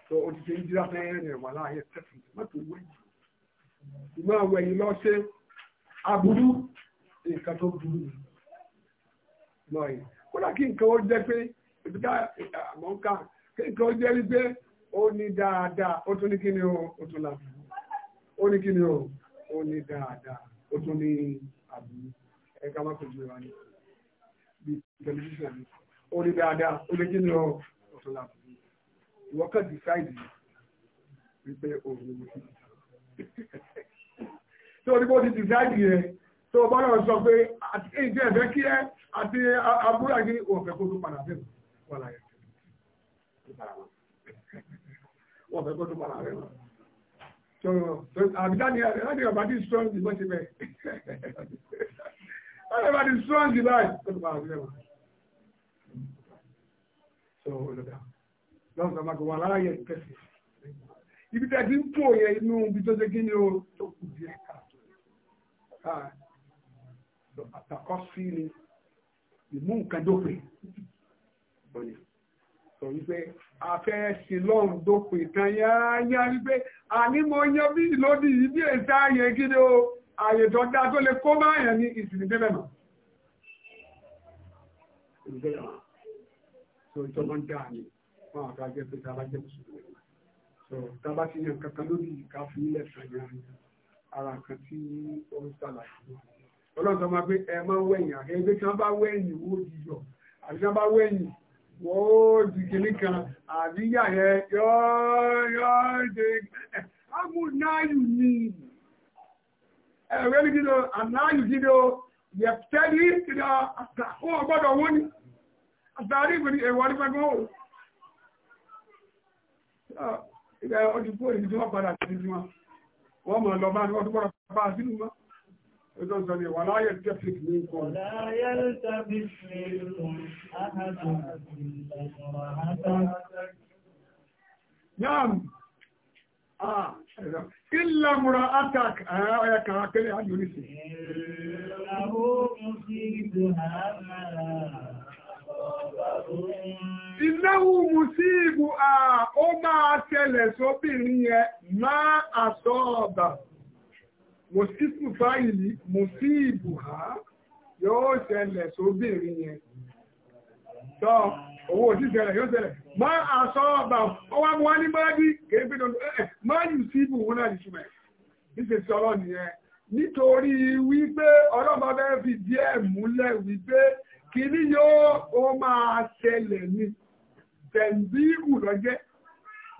so o ti ṣe ìdíra fẹ́ẹ́rẹ́ wà láàyè tẹ̀sán mọ́tò wẹ̀ yìí ìmọ̀ àwọn ẹ̀yìn lọ ṣe aburú nǹkan tó burú lọ́yìn kódà kí nǹkan ó jẹ́ pé ìbíká àmọ́ ń kà kí nǹkan ó jẹ́ wípé ó ní dáadáa ó tún ní kí ni ó ó tún làbù ó ní kí ni ó ó ní dáadáa ó tún ní àbúrú ẹ̀ka má kò jùlọ tẹlifíṣàn ó ní dáadáa ó ní kí ni ó ó tún làbù ìwọ kàn decide wípé òun ni tí o ní kó ti decide yẹn tó o bá lọ sọ pé àti èyí ẹ̀fẹ́ kí ẹ àti abúlé àti òfẹ́ kó tó padà bẹ́ẹ̀ wọ́n láyé wọ́n fẹ́ kó tó padà bẹ́ẹ̀ so àbíkáni láti ọ̀bá ti strong bí wọ́n ti bẹ̀ láti ọ̀bá ti strong bí wọ́n ti bẹ̀ so olùdá lọ́nà sọ́mà kò wà lára yẹn kẹsì ibi tẹ́ ti ń pò yẹn inú ibi tó ṣe kí ni o tó kù díẹ̀ káàtó àtàkọ́ sí ni ìmú nǹkan dópin lónìí sọ wípé a fẹ́ ṣe lọ́run dópin kan yáyá wípé àní mo yan bí ìlódì yìí bí èsì ààyè kí ni o ààyè tó dá tó lè kó máa yàn ní ìsìnkú bẹ́ẹ̀ náà ìjọba ń dá ni fún àwọn àjẹ́ pé tàbá jẹ́ mùsùlùmí so tàbá ti yàn kankan lórí ìka fún ilẹ̀ ìsànyàrin ara kan tí ó ń sàlàyé ọlọ́run tó máa pé ẹ máa ń wẹ̀yìn àkẹ́ ẹgbẹ́ tí wọ́n bá wẹ̀yìn wó di yọ tí wọ́n bá wẹ̀yìn wó di kìíní kan àbí yẹ yọ́ yọ́ de amúnáyù ni ẹ̀rẹ́ ní kí ló ànáyù kí ló yẹ̀pẹ́ ní àtàkùn ọgbọ́dọ̀ wọ́n ni àtàrí ìwé ẹ̀wọ̀ nípa gbọ́n ìgbà ọdún kúrò ní tí wọ́n padà sí ní wọn wọ́n mọ̀ lọ bá ní ọdún kúrò bá sínú wọn ẹjọ́ sọ ni wàlá yẹ tẹ́fìk ní ikọ̀ yàm ìlà múra attack Ìnáwó Mùsíìbù à ó máa maa sóbìnrin yẹn máa àtọ́ Mùsíìbù báyìí, Mùsíìbù mo yóò tẹlẹ̀ sóbìnrin yẹn. Tọ́ owó òtí tẹlẹ̀ yóò tẹlẹ̀. Máa àtọ́ ọ̀bà ó wá ní máa bí kéèké tó máa yù síìbù wọn náà nìṣúmẹ̀. Níṣe sọ̀rọ̀ nìyẹn. Nítorí wípé fi díẹ̀ kìíní yóò ó máa ṣẹlẹ̀ ní tẹ̀m̀bíhù lọ́jẹ́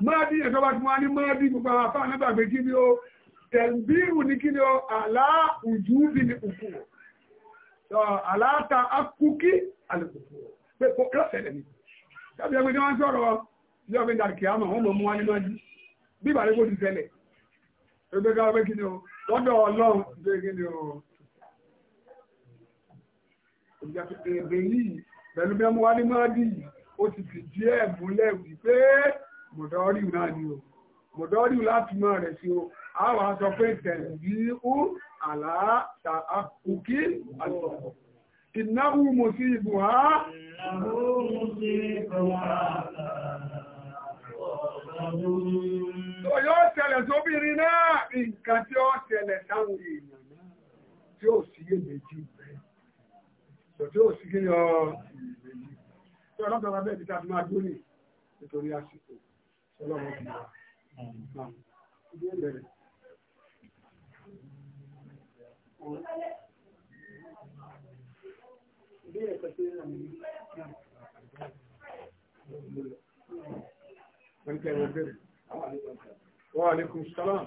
mọ́ọ̀dí ẹ̀tọ́ bá ti wá ní mọ́ọ̀dí gbogbo àwọn afá náà gbàgbé kí ni ó tẹ̀m̀bíhù ní kí ni ó aláàjù bí ní òkú aláta akúkí alùpùpù pé kó lọ́sẹ̀lẹ̀ ni tàbí ẹgbẹ́ tí wọ́n sọ̀rọ̀ ní ọ̀gbìn dàkì àmọ́ èdè yìí pẹ̀lú bẹ́ẹ̀ mú wá ní mọ́ọ́dì ó ti fi díẹ̀ múlẹ̀ wípé mọ̀dọ́rì náà ni o mọ̀dọ́rì láti mọ̀ rẹ̀ sí o a wàá sọ pé tẹ̀lé ú àlàáta àkùkí àlùfọ̀ ìnáwó mo sí ibù ha. ìnáwó mo sí ibù ha. Tó yóò tẹ̀lẹ̀ sóbìnrin náà nǹkan tí ó tẹ̀lẹ̀ sáwọn èèyàn náà tí ó sì yé méjì sọ̀tí ò sí kíni ọ ìrèjì tí ọlọ́pàá bá bẹ́ẹ̀ bí ká fi máa dúró nì nítorí àsìkò ọlọ́run ti wà ní ìbẹ̀rẹ̀. Wa alaikum salaam.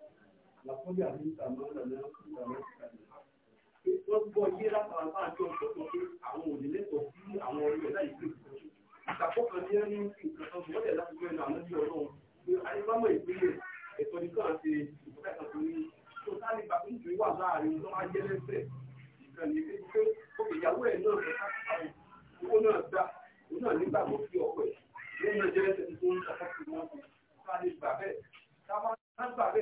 làkọ́jà ní ìtàmọ́lẹ̀ náà fún ìtàmọ́ ìtàmọ́. wọ́n gbọ́ yé látara bá àjọ ọ̀pọ̀ pé àwọn òní lẹ́tọ̀ọ́ sí àwọn ọ̀rẹ́ rẹ̀ láì pé ìtàkọ́ kan ní ẹni nǹkan tó wọ́n láti gbẹ́nu àná bí ọlọ́run pé àyíkámọ̀ ìpínlẹ̀ ẹ̀tọ́ ní kàn ṣe ìfúnpẹ́ kan tó ní tó sáré gbà fún ìtòwí wà láàrin tó máa jẹ́ lẹ́sẹ̀ ìkànnì pé ó fi ìyàwó ẹ̀ náà lọ sáfù owó náà gbà òun náà nígbàgbọ́ sí ọkọ̀ ẹ̀ lóun náà jẹ́ lẹ́sẹ̀ tuntun ọkọ̀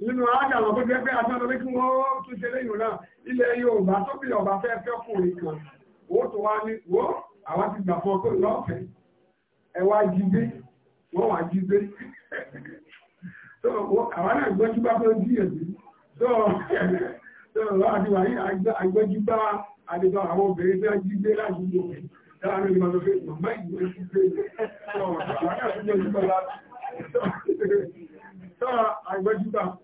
nínú àádà lọ pé pé agbábọ́lé kí wọ́n tún ṣe lẹ́yìn náà ilẹ̀ Yorùbá tó bí ọba fẹ́ fẹ́ ọkùnrin kan ó tó wá ní wo àwa ti gbà fún ọ pé lọ́fẹ̀ẹ́ ẹ wá jí gbé wọ́n wá jí gbé tó àwa náà gbọ́jú bá fẹ́ jí èdè tó tó lọ́wọ́ àti wà ní àgbẹ́jú bá àdìgbà àwọn obìnrin tó jí gbé láti gbogbo rẹ̀ dára lórí màmá ìgbẹ́ jí tó àwa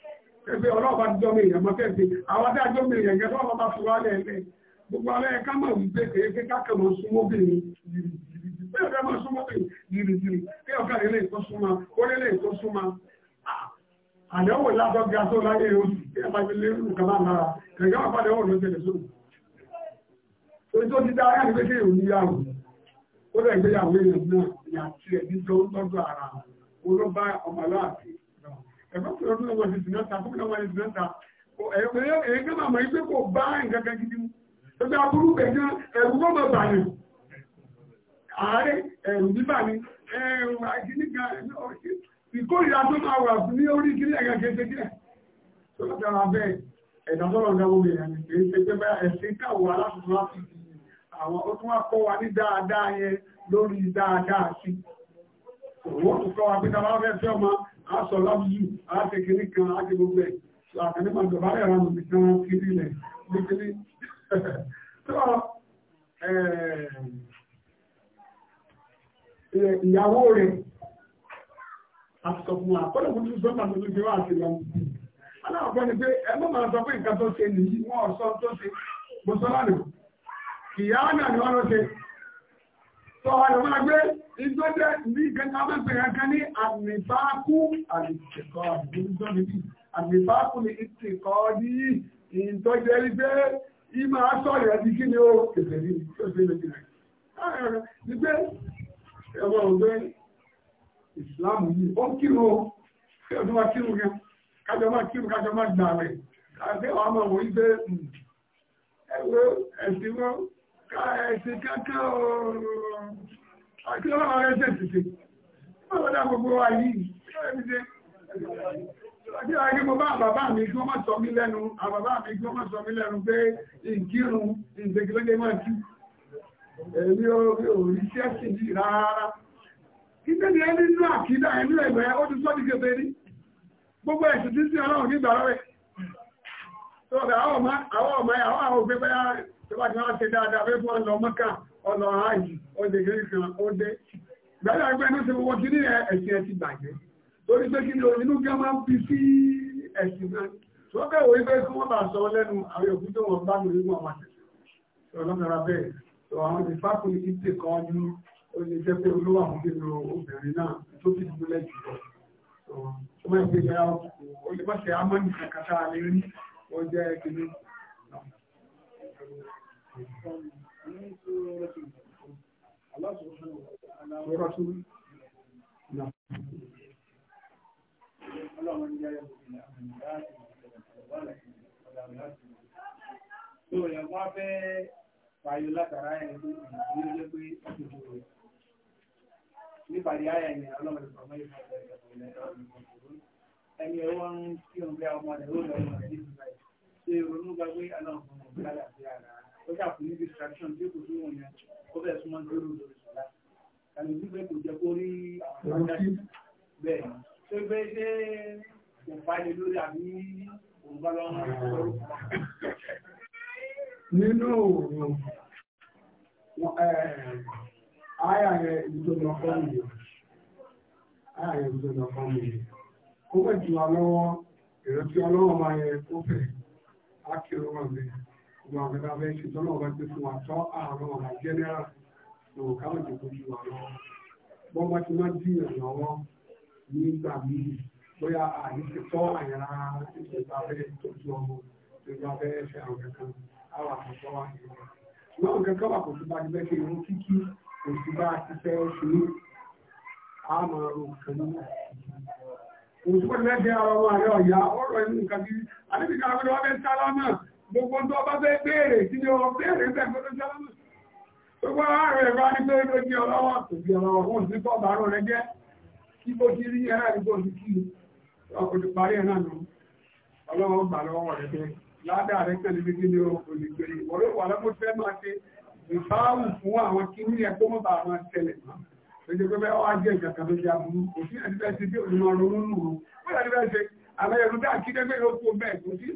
ẹgbẹ́ ọlọ́ọ̀bá ti jọmọ èèyàn mọ́ fẹ́ẹ̀sì àwọn adá jọmọ èèyàn gẹ́gẹ́ ọlọ́ọ̀ bá fi wálẹ̀ ẹ̀lẹ́ gbogbo alẹ́ ká mọ̀ wípé kéèké káàkiri mọ̀ súnmọ́bìnrin yìrìyìrì bẹ́ẹ̀ ọ̀dọ́ mọ̀ súnmọ́bìnrin yìrìyìrì kí ọ̀gá ilé ìtọ́ súnmọ́ orí ilé ìtọ́ súnmọ́ àdéhùn ìlàjọ ga tó láyé oṣù tí a bá fi lé nǹkan bá lára ẹ̀gẹ́ wà padà ọ̀rọ̀ ìṣẹ̀lẹ̀ sóòrùn torí tó ti dára ní pé kí èrò níyàwó ó lọ ìgbéyàwó èèyàn náà ìyàtí ẹ̀ ní tó ń tọ́jú ara olóbá ọmọlúwàbí ẹ̀gbọ́n tó lọ́dún lọ́wọ́ ìsìn náà ta fún lọ́wọ́ ìsìn náà ta èyí tó màmá ipé kò bá nǹkan kan gidi mu ẹgbẹ́ aburú bẹ̀gán ẹ̀rù kọ́ mọ̀ bàní ààrẹ ẹ̀rù bíbà ni ẹ̀rù àìsíní kan ìkórìíra tó máa wà fún ní orí kílẹ̀ ẹ̀gá kéṣe díẹ̀ tó lọ́dún ara bẹ́ẹ̀ ẹ̀dá sọ̀rọ̀ ọ̀gá gbogbo èèyàn ni èyí ṣe pé bá ẹ̀sìn àwọn ó kọ́ wa ní dáadáa yẹn lórí dáadáa sí asọ sọ lábùjù kan á ẹ̀ sọ àkànní rẹ̀ ránù mi kan kiri lẹ̀ nítorí tó eh, eh, ìyàwó rẹ̀ àtọ̀ fún fún tuntun sọ́nà tuntun ti wá àti lọ. Sọ ọ̀rọ̀ máa gbé igbó jẹ́ ní ìgbẹ́ta mẹ́sẹ̀ kankan ní àmìbákú àmìtìkọ́ àmìbákú ní ìtìkọ́ ní ìtọ́jẹ́ wípé ìmọ̀ asọ̀rọ̀ ẹ̀dí kí ni ó kẹsẹ̀ ní ìtọ́jẹ́ lójú rẹ̀. Wípé ẹ̀rọ ọ̀gbẹ́ ìsìláàmù yìí ó kírun kí ọdún wa kírun yẹn kájọ máa kírun kájọ máa gbà rẹ̀ kájọ máa wọ̀ wípé ẹ̀wọ́ ẹ̀sìn wọn ẹ̀sìn kankan ooo àti ọlọ́run rẹ̀ ṣe ti ṣe dá gbogbo wa yìí ẹ̀mí ṣe ọjọ́ ayé mo bá bàbá mi kí wọ́n má sọ mí lẹ́nu àbàbá mi kí wọ́n má sọ mí lẹ́nu pé ìkírun ìgbèkìlógé máa tú èmi orí oríṣẹ́ sì di rárá kíkẹ́ ni ẹni nínú àkídá ẹni ẹ̀gbẹ́ ó ti sọ́ di kébé ní gbogbo ẹ̀sìn tí sí ọlọ́run nígbà rẹ̀ tó ọ̀dà àwọn ọmọ àwọn ọmọ àwọn àwọn òfin pẹ́ tó bá ti wá ṣe dáadáa fẹ́ fún ọlọ mọ́kà ọlọ ààyè ọdẹ gírí kan ó dé gbẹ́dà ẹgbẹ́ inú ṣe wọ́n kiri ẹ̀sìn ẹ̀sìn gbàgbé torí pé kí ni inú gan máa ń fi sí ẹ̀sìn náà tó bẹ́ẹ̀ wòye pé kí wọ́n bá sọ lẹ́nu àwọn òkú tó wọ́n bá lórí wọn wà ọlọ́mọra bẹ́ẹ̀ tó àwọn ìfákùn ìdíje kan ní ó lè jẹ́ pé olówó àwọn nínú obìnrin náà tó ti dúlẹ̀ jù lọ tó máa ń gbé ya ó lè má ṣe amọ́nì kankan tá a lè rí Yóò yẹ wọ́n fẹ́ fàyọ látara ẹni tó ní ilé pé ìjọ rẹ̀. Nípàdé ayẹ ni ọlọ́run ìgbàmọ́ ìfẹ́ ẹni ẹwọ́ ń kí ọmọ ọmọ rẹ̀ ló lọ́wọ́ rẹ̀ nípa ṣe ronú gbàgbé aláwọ̀ ọmọ ìgbàlá àti ara ó ṣàfù ní distraction tí kò sí wọn yẹn ó bẹ̀rẹ̀ súnmọ́ ní lórí lórí sọ̀lá kàní wípé kò jẹ́ kó rí àwọn adájú bẹ́ẹ̀ ṣé pé ṣé kò fàlẹ̀ lórí àbí òun bá lọ́wọ́ nínú òòrùn àyà rẹ̀ ìjọba fún mi àyà rẹ̀ ìjọba fún mi kó mẹ́jọ lọ́wọ́ ìrètí ọlọ́wọ́ máa yẹ kó fẹ́ á kí ó bẹ́ẹ̀ ìjọba àgbẹ̀dá bẹ́ẹ̀ ṣe tọ́lọ́ ọba pé fún wa tọ́ àárọ̀ ọba general lòun káwọn ìdìbò ju wa lọ bọ́n bá ti máa dìyàn lọ́wọ́ nígbà míì bóyá àyè ti tọ́ àyàrá ìjọba bẹ́ẹ̀ tọ́jú ọmọ ìjọba bẹ́ẹ̀ fẹ́ àwọn kankan àwọn àkọ́kọ́ wa nìyẹn ṣùgbọ́n àwọn kankan wà kò tún bá ti bẹ́ẹ̀ ṣe irun kíkí kò sí bá a ti fẹ́ ṣe é a máa ro nǹkan nígbà òṣùpọ̀ ìlẹ́gbẹ̀ẹ́ ara wọn àrẹ ọ̀yà ọ̀rọ̀ ẹnu gbogbo tó bá fẹ́ béèrè tí ni wọ́n béèrè bẹ́ẹ̀ kó tó sálámà gbogbo ààrẹ bá ní pé ló di ọlọ́wọ́ kò di ọlọ́wọ́ fún sí tọ́ bàárọ̀ rẹ jẹ́ kí bó ti rí ẹ̀rọ àdúgbò ti kí ọkùnrin parí ẹ̀ náà nù ọlọ́wọ́ gbà lọ́wọ́ rẹ pé ládàá rẹ pẹ̀lú bí kíni olùgbé ìwọlé wà lọ́mọ́ fẹ́ máa ṣe ìfáàwù fún àwọn kíní ẹ̀ tó mọ̀ bá àwọn tẹ̀lẹ̀ mọ́ lójú pé bẹ́ẹ̀ wá jẹ́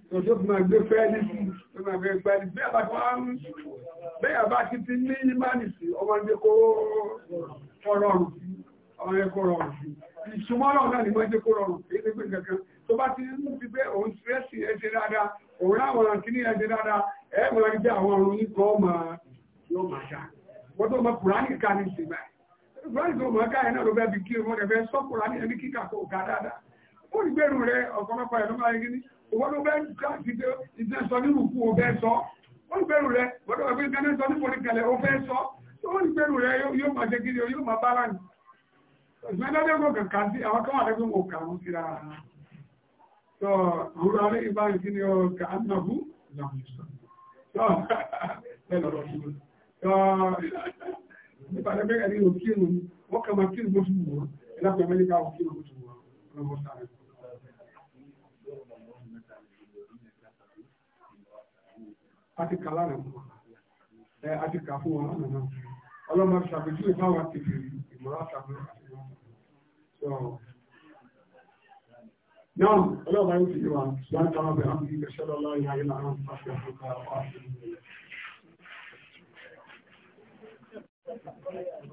tó fi máa gbé fẹ́ẹ́lì tó máa gbé gbẹ́lì bí àbájọ́ wá ń bẹ́yà bá ti ti ní ìmánì sí ọmọ ẹgbẹ́ kó rọrùn sí ọmọ ẹgbẹ́ kó rọrùn sí ìṣúmọ́lọ̀ náà ni wọ́n jẹ́ kó rọrùn sí ẹgbẹ́ kankan tó bá ti ń fi pé òun strẹ́sì ẹsẹ̀ dáadáa òun láwọn kìíní ẹsẹ̀ dáadáa ẹ mọ̀ ní jẹ́ àwọn ọ̀run yìí kọ́ máa yóò máa ṣá wọ́n tó mọ kùránì ká ní ìṣègbà kùránì tó mọ̀ ìwọ́n ló bẹ́ ń ká ìdíje sọ ní rùkú o bẹ́ sọ ó ń bẹ̀rù rẹ gbọ́dọ̀ wà pé gánà sọ ní foríkalẹ̀ o bẹ́ sọ tó ń bẹ̀rù rẹ yóò máa jẹ kiri o yóò máa bára nì ọ̀sùn ẹgbẹ́ kò kàn kàn sí àwọn kan wà lẹ́gbẹ́ mọ̀ kà ń síra tó àwọn alẹ́ ìbá yìí ni ọ kà á nà bú làwọn ìṣọ̀ tó ẹ lọ́rọ̀ sí tó nípa ẹgbẹ́ kàdé òkè nù wọ́n kà máa kí ni mo fi wù ọ́ ẹ̀ àti kàlá na fún ẹ àti kà fún wọn lánàá náà ọlọ́mọ ṣàpèjúwe báwa tètè ìmọ̀ràn ṣàpèjúwe àti wọn sọ. نعم الله ما يمكن يوان سبحانه وتعالى بحمده أشهد أن لا إله إلا أنت أستغفرك وأتوب إليك